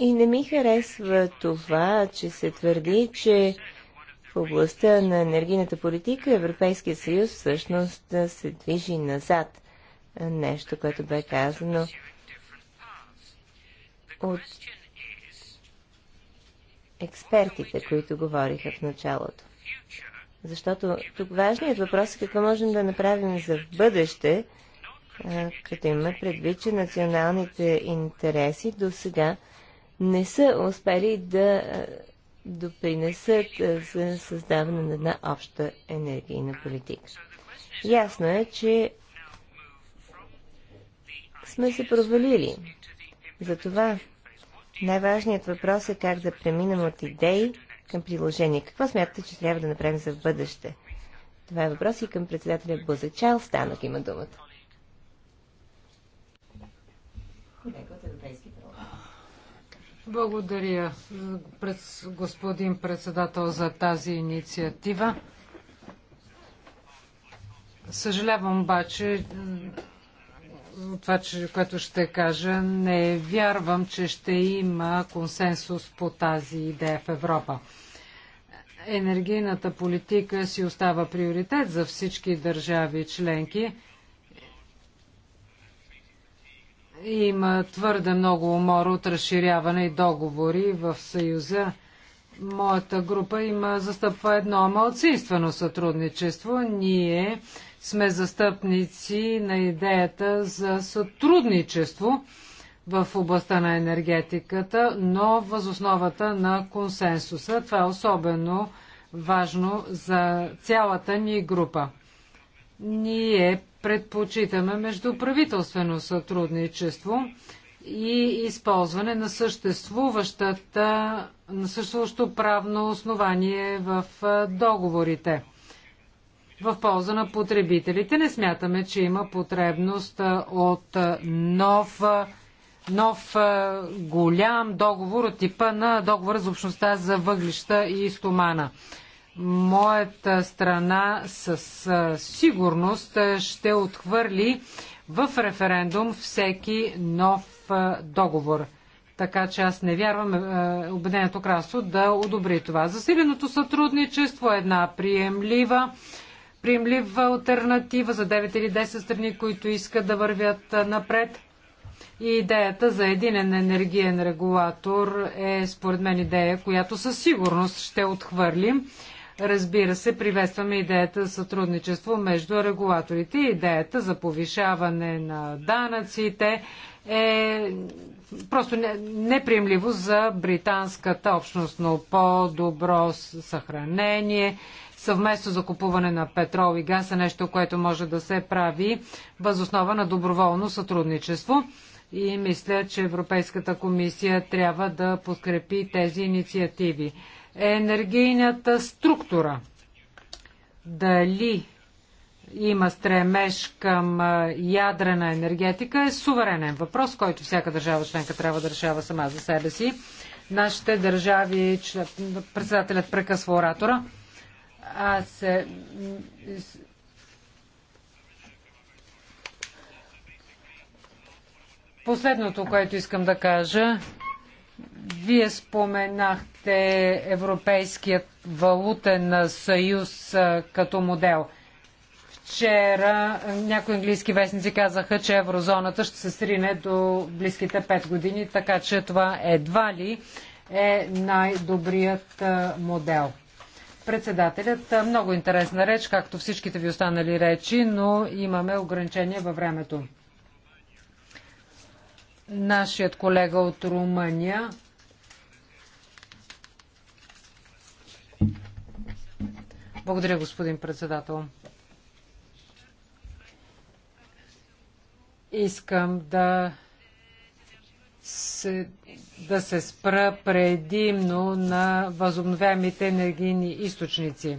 S1: И не ми харесва това, че се твърди, че в областта на енергийната политика Европейския съюз всъщност да се движи назад. Нещо, което бе казано от експертите, които говориха в началото. Защото тук важният въпрос е какво можем да направим за в бъдеще, като има предвид, че националните интереси до сега не са успели да допринесат за създаване на една обща енергийна политика. Ясно е, че сме се провалили. Затова най-важният въпрос е как да преминем от идеи към приложение. Какво смятате, че трябва да направим за в бъдеще? Това е въпрос и към председателя Буза. Чайл Станок има думата.
S2: Благодаря, господин председател, за тази инициатива. Съжалявам обаче, това, че, което ще кажа. Не вярвам, че ще има консенсус по тази идея в Европа. Енергийната политика си остава приоритет за всички държави членки. Има твърде много умор от разширяване и договори в Съюза. Моята група има застъпва едно малцинствено сътрудничество. Ние сме застъпници на идеята за сътрудничество в областта на енергетиката, но възосновата на консенсуса. Това е особено важно за цялата ни група. Ние предпочитаме междуправителствено сътрудничество и използване на съществуващата, на съществуващо правно основание в договорите в полза на потребителите. Не смятаме, че има потребност от нов, нов голям договор от типа на договора за общността за въглища и стомана. Моята страна със сигурност ще отхвърли в референдум всеки нов договор. Така че аз не вярвам е, Обединеното кралство да одобри това. Засиленото сътрудничество е една приемлива приемлива альтернатива за 9 или 10 страни, които искат да вървят напред. И идеята за единен енергиен регулатор е, според мен, идея, която със сигурност ще отхвърлим. Разбира се, приветстваме идеята за сътрудничество между регулаторите и идеята за повишаване на данъците е просто неприемливо за британската общност, но по-добро съхранение, съвместно закупуване на петрол и газ е нещо, което може да се прави възоснова на доброволно сътрудничество. И мисля, че Европейската комисия трябва да подкрепи тези инициативи. Енергийната структура. Дали има стремеж към ядрена енергетика е суверенен въпрос, който всяка държава членка трябва да решава сама за себе си. Нашите държави, председателят прекъсва оратора. Аз Последното, което искам да кажа, вие споменахте Европейският валутен съюз като модел. Вчера някои английски вестници казаха, че еврозоната ще се срине до близките 5 години, така че това едва ли е най-добрият модел. Председателят, е, много интересна реч, както всичките ви останали речи, но имаме ограничение във времето. Нашият колега от Румъния Благодаря, господин председател. Искам да се, да се спра предимно на възобновяемите енергийни източници.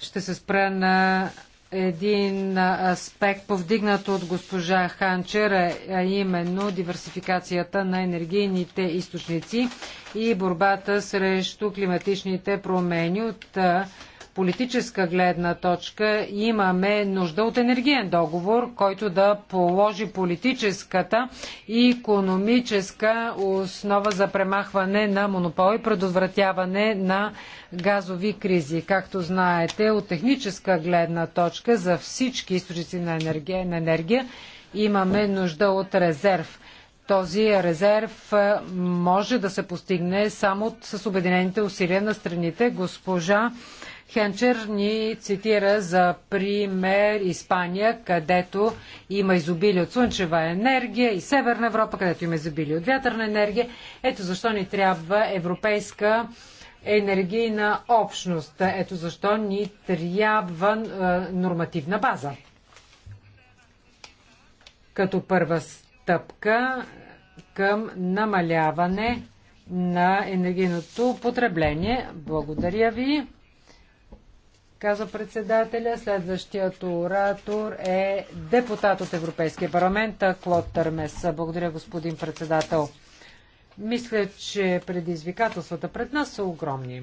S2: Ще се спра на един аспект, повдигнат от госпожа Ханчер, а именно диверсификацията на енергийните източници и борбата срещу климатичните промени от политическа гледна точка имаме нужда от енергиен договор, който да положи политическата и економическа основа за премахване на монопол и предотвратяване на газови кризи. Както знаете, от техническа гледна точка за всички източници на енергия, на енергия имаме нужда от резерв този резерв е, може да се постигне само с обединените усилия на страните. Госпожа Хенчер ни цитира за пример Испания, където има изобилие от слънчева енергия и Северна Европа, където има изобилие от вятърна енергия. Ето защо ни трябва европейска енергийна общност. Ето защо ни трябва е, нормативна база. Като първа стъпка към намаляване на енергийното потребление. Благодаря ви казва председателя. Следващият оратор е депутат от Европейския парламент Клод Търмес. Благодаря, господин председател. Мисля, че предизвикателствата пред нас са огромни.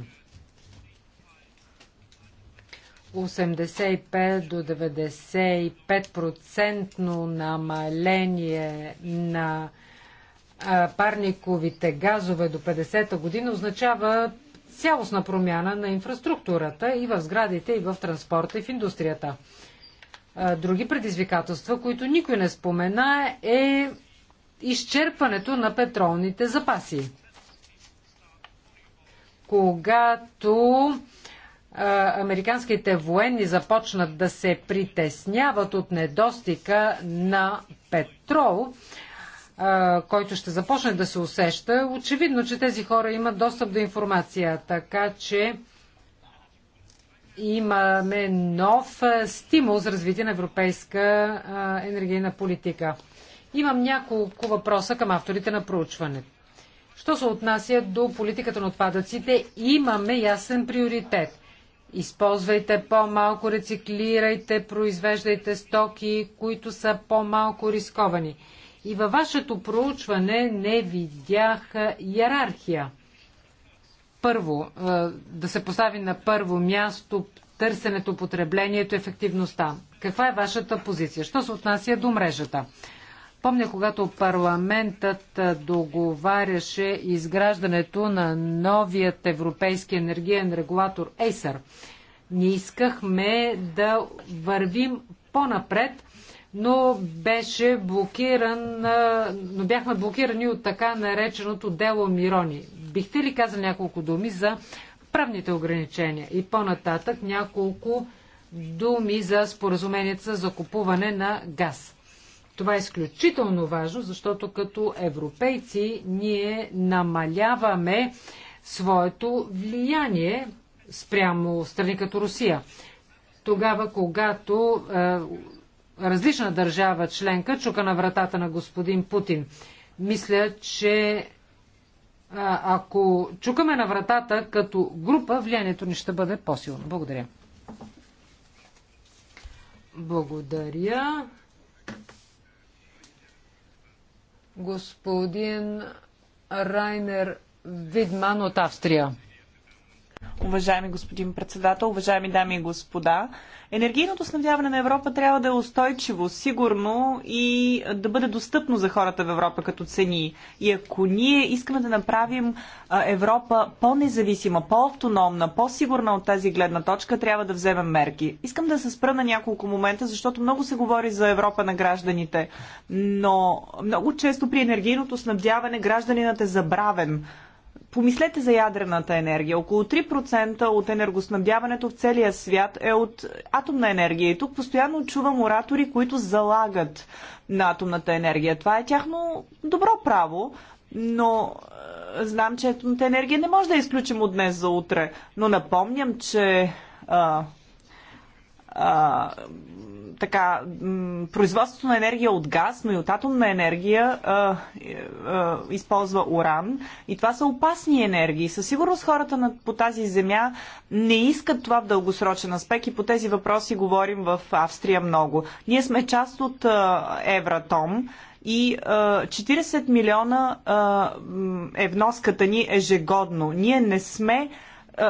S2: 85 до 95% намаление на парниковите газове до 50-та година означава цялостна промяна на инфраструктурата и в сградите, и в транспорта, и в индустрията. Други предизвикателства, които никой не спомена, е изчерпването на петролните запаси. Когато американските военни започнат да се притесняват от недостига на петрол, който ще започне да се усеща, очевидно, че тези хора имат достъп до информация, така че имаме нов стимул за развитие на европейска енергийна политика. Имам няколко въпроса към авторите на проучването. Що се отнася до политиката на отпадъците, имаме ясен приоритет. Използвайте по-малко, рециклирайте, произвеждайте стоки, които са по-малко рисковани. И във вашето проучване не видях иерархия. Първо, да се постави на първо място търсенето, потреблението, ефективността. Каква е вашата позиция? Що се отнася до мрежата? Помня, когато парламентът договаряше изграждането на новият европейски енергиен регулатор ЕСАР, Ние искахме да вървим по-напред но беше блокиран, но бяхме блокирани от така нареченото дело Мирони. Бихте ли казали няколко думи за правните ограничения и по-нататък няколко думи за споразуменията за закупуване на газ? Това е изключително важно, защото като европейци ние намаляваме своето влияние спрямо страни като Русия. Тогава, когато е, различна държава членка чука на вратата на господин Путин. Мисля, че а, ако чукаме на вратата като група, влиянието ни ще бъде по-силно. Благодаря. Благодаря. Господин
S3: Райнер Видман от Австрия. Уважаеми господин председател, уважаеми дами и господа, енергийното снабдяване на Европа трябва да е устойчиво, сигурно и да бъде достъпно за хората в Европа като цени. И ако ние искаме да направим Европа по-независима, по-автономна, по-сигурна от тази гледна точка, трябва да вземем мерки. Искам да се спра на няколко момента, защото много се говори за Европа на гражданите, но много често при енергийното снабдяване гражданинът е забравен Помислете за ядрената енергия. Около 3% от енергоснабдяването в целия свят е от атомна енергия. И тук постоянно чувам оратори, които залагат на атомната енергия. Това е тяхно добро право, но е, знам, че атомната енергия не може да изключим от днес за утре. Но напомням, че а, е, а, така, производството на енергия от газ, но и от атомна енергия а, а, използва уран. И това са опасни енергии. Със сигурност хората на, по тази земя не искат това в дългосрочен аспект и по тези въпроси говорим в Австрия много. Ние сме част от а, Евратом и а, 40 милиона а, е вноската ни ежегодно. Ние не сме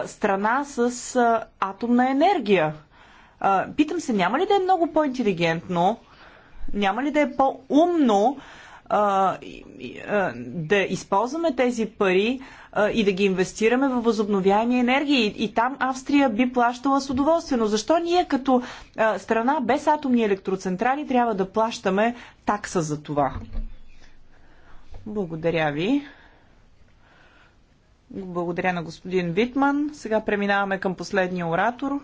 S3: страна с атомна енергия. А, питам се, няма ли да е много по-интелигентно, няма ли да е по-умно а, и, а, да използваме тези пари а, и да ги инвестираме в възобновяеми енергии. И, и там Австрия би плащала с удоволствие. Но защо ние като а, страна без атомни електроцентрали трябва да плащаме такса за това? Благодаря ви. Благодаря на господин Витман. Сега преминаваме към последния оратор,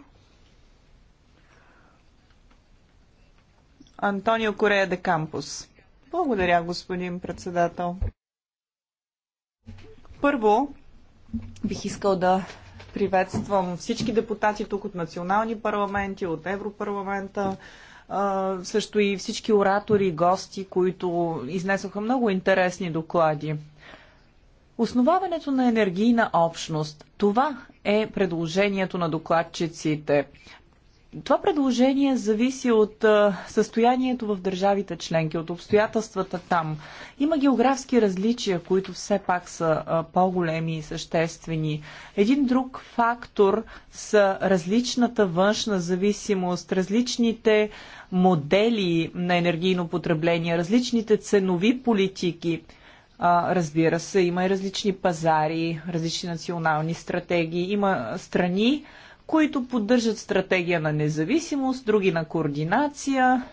S3: Антонио Корея де Кампус. Благодаря, господин председател. Първо, бих искал да приветствам всички депутати тук от национални парламенти, от Европарламента, също и всички оратори и гости, които изнесоха много интересни доклади. Основаването на енергийна общност. Това е предложението на докладчиците. Това предложение зависи от състоянието в държавите членки, от обстоятелствата там. Има географски различия, които все пак са по-големи и съществени. Един друг фактор са различната външна зависимост, различните модели на енергийно потребление, различните ценови политики. Разбира се, има и различни пазари, различни национални стратегии. Има страни, които поддържат стратегия на независимост, други на координация,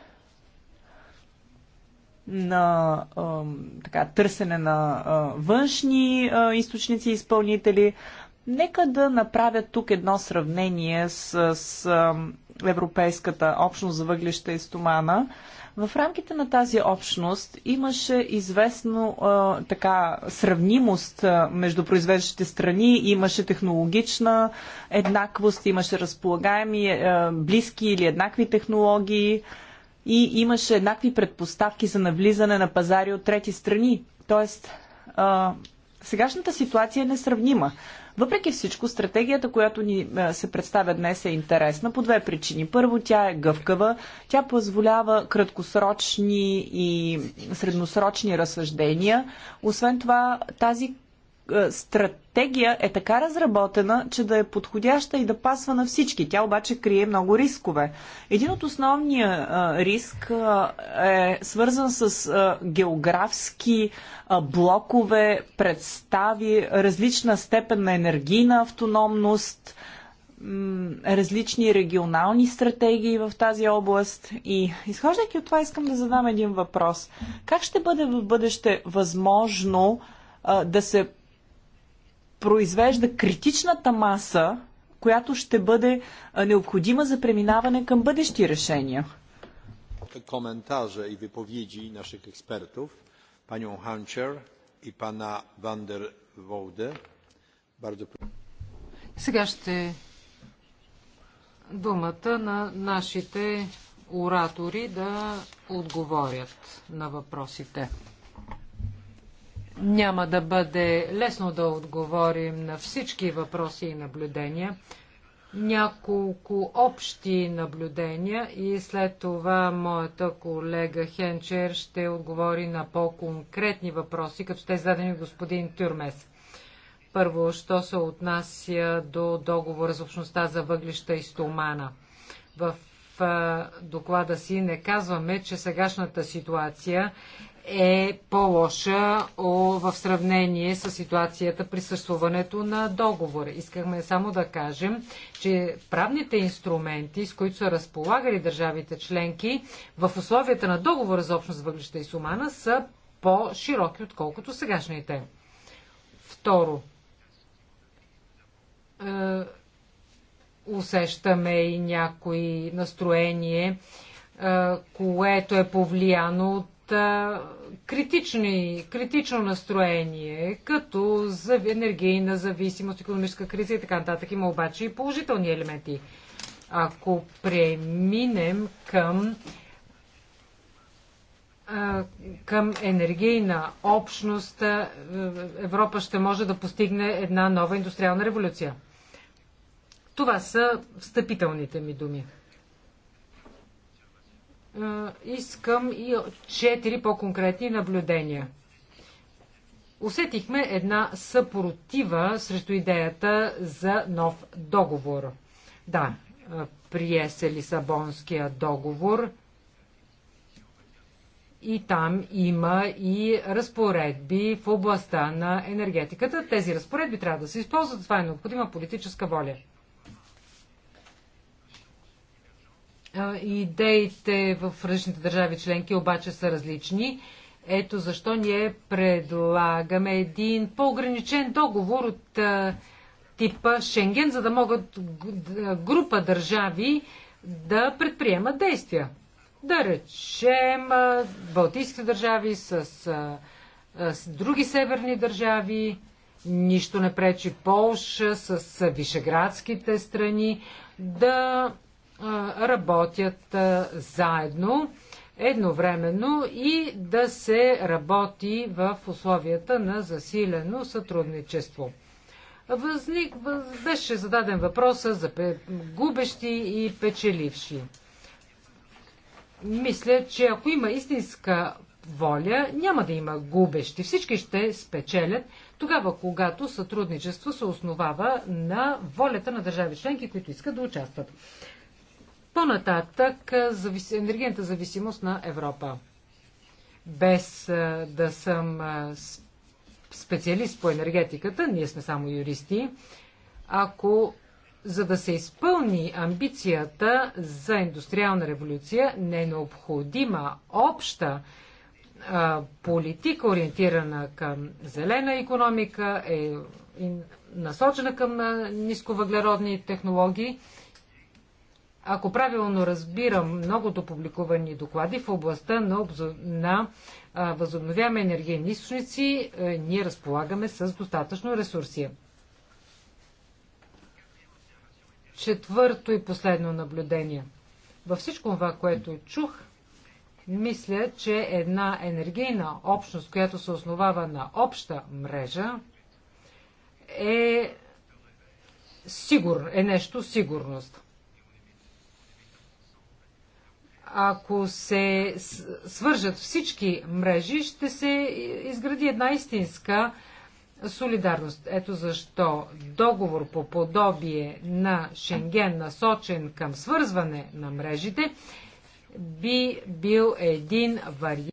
S3: на а, така, търсене на а, външни а, източници и изпълнители. Нека да направя тук едно сравнение с, с Европейската общност за въглища и стомана. А, в рамките на тази общност имаше известно а, така сравнимост между произвеждащите страни, имаше технологична еднаквост, имаше разполагаеми а, близки или еднакви технологии и имаше еднакви предпоставки за навлизане на пазари от трети страни. Тоест, а, сегашната ситуация е несравнима. Въпреки всичко, стратегията, която ни е, се представя днес е интересна по две причини. Първо, тя е гъвкава, тя позволява краткосрочни и средносрочни разсъждения. Освен това, тази е, стратегия е така разработена, че да е подходяща и да пасва на всички. Тя обаче крие много рискове. Един от основния е, риск е, е свързан с географски блокове, представи, различна степен на енергийна автономност, различни регионални стратегии в тази област. И изхождайки от това, искам да задам един въпрос. Как ще бъде в бъдеще възможно да се произвежда критичната маса, която ще бъде необходима за преминаване към бъдещи решения.
S1: Коментарze и виповеди наших експертов, panią Ханчер и пана Вандер Волде. Woude.
S2: Сега ще думата на нашите оратори да отговорят на въпросите. Няма да бъде лесно да отговорим на всички въпроси и наблюдения. Няколко общи наблюдения и след това моята колега Хенчер ще отговори на по-конкретни въпроси, като сте зададени господин Тюрмес. Първо, що се отнася до договора за общността за въглища и стомана. В доклада си не казваме, че сегашната ситуация е по-лоша в сравнение с ситуацията при съществуването на договор. Искахме само да кажем, че правните инструменти, с които са разполагали държавите членки в условията на договора за общност въглища и сумана, са по-широки, отколкото сегашните. Второ, е, усещаме и някои настроение, е, което е повлияно от критични, критично настроение, като за енергийна зависимост, економическа криза и така нататък. Има обаче и положителни елементи. Ако преминем към към енергийна общност Европа ще може да постигне една нова индустриална революция. Това са встъпителните ми думи. Е, искам и четири по-конкретни наблюдения. Усетихме една съпротива срещу идеята за нов договор. Да, е, прие се Лисабонския договор и там има и разпоредби в областта на енергетиката. Тези разпоредби трябва да се използват, това е необходима политическа воля. Идеите в различните държави членки обаче са различни. Ето защо ние предлагаме един по-ограничен договор от типа Шенген, за да могат група държави да предприемат действия. Да речем, балтийските държави с, с, други северни държави, нищо не пречи Полша с вишеградските страни да работят заедно, едновременно и да се работи в условията на засилено сътрудничество. Възник, беше зададен въпроса за губещи и печеливши. Мисля, че ако има истинска воля, няма да има губещи. Всички ще спечелят тогава, когато сътрудничество се основава на волята на държави членки, които искат да участват. По-нататък е, енергийната зависимост на Европа. Без е, да съм е, специалист по енергетиката, ние сме само юристи, ако за да се изпълни амбицията за индустриална революция, не е необходима обща а, политика, ориентирана към зелена економика, е насочена към нисковъглеродни технологии ако правилно разбирам многото публикувани доклади в областта на, обзо... на възобновяваме енергийни източници, е, ние разполагаме с достатъчно ресурси. Четвърто и последно наблюдение. Във всичко това, което чух, мисля, че една енергийна общност, която се основава на обща мрежа, е, сигур, е нещо сигурност. Ако се свържат всички мрежи, ще се изгради една истинска солидарност. Ето защо договор по подобие на Шенген, насочен към свързване на мрежите, би бил един вариант.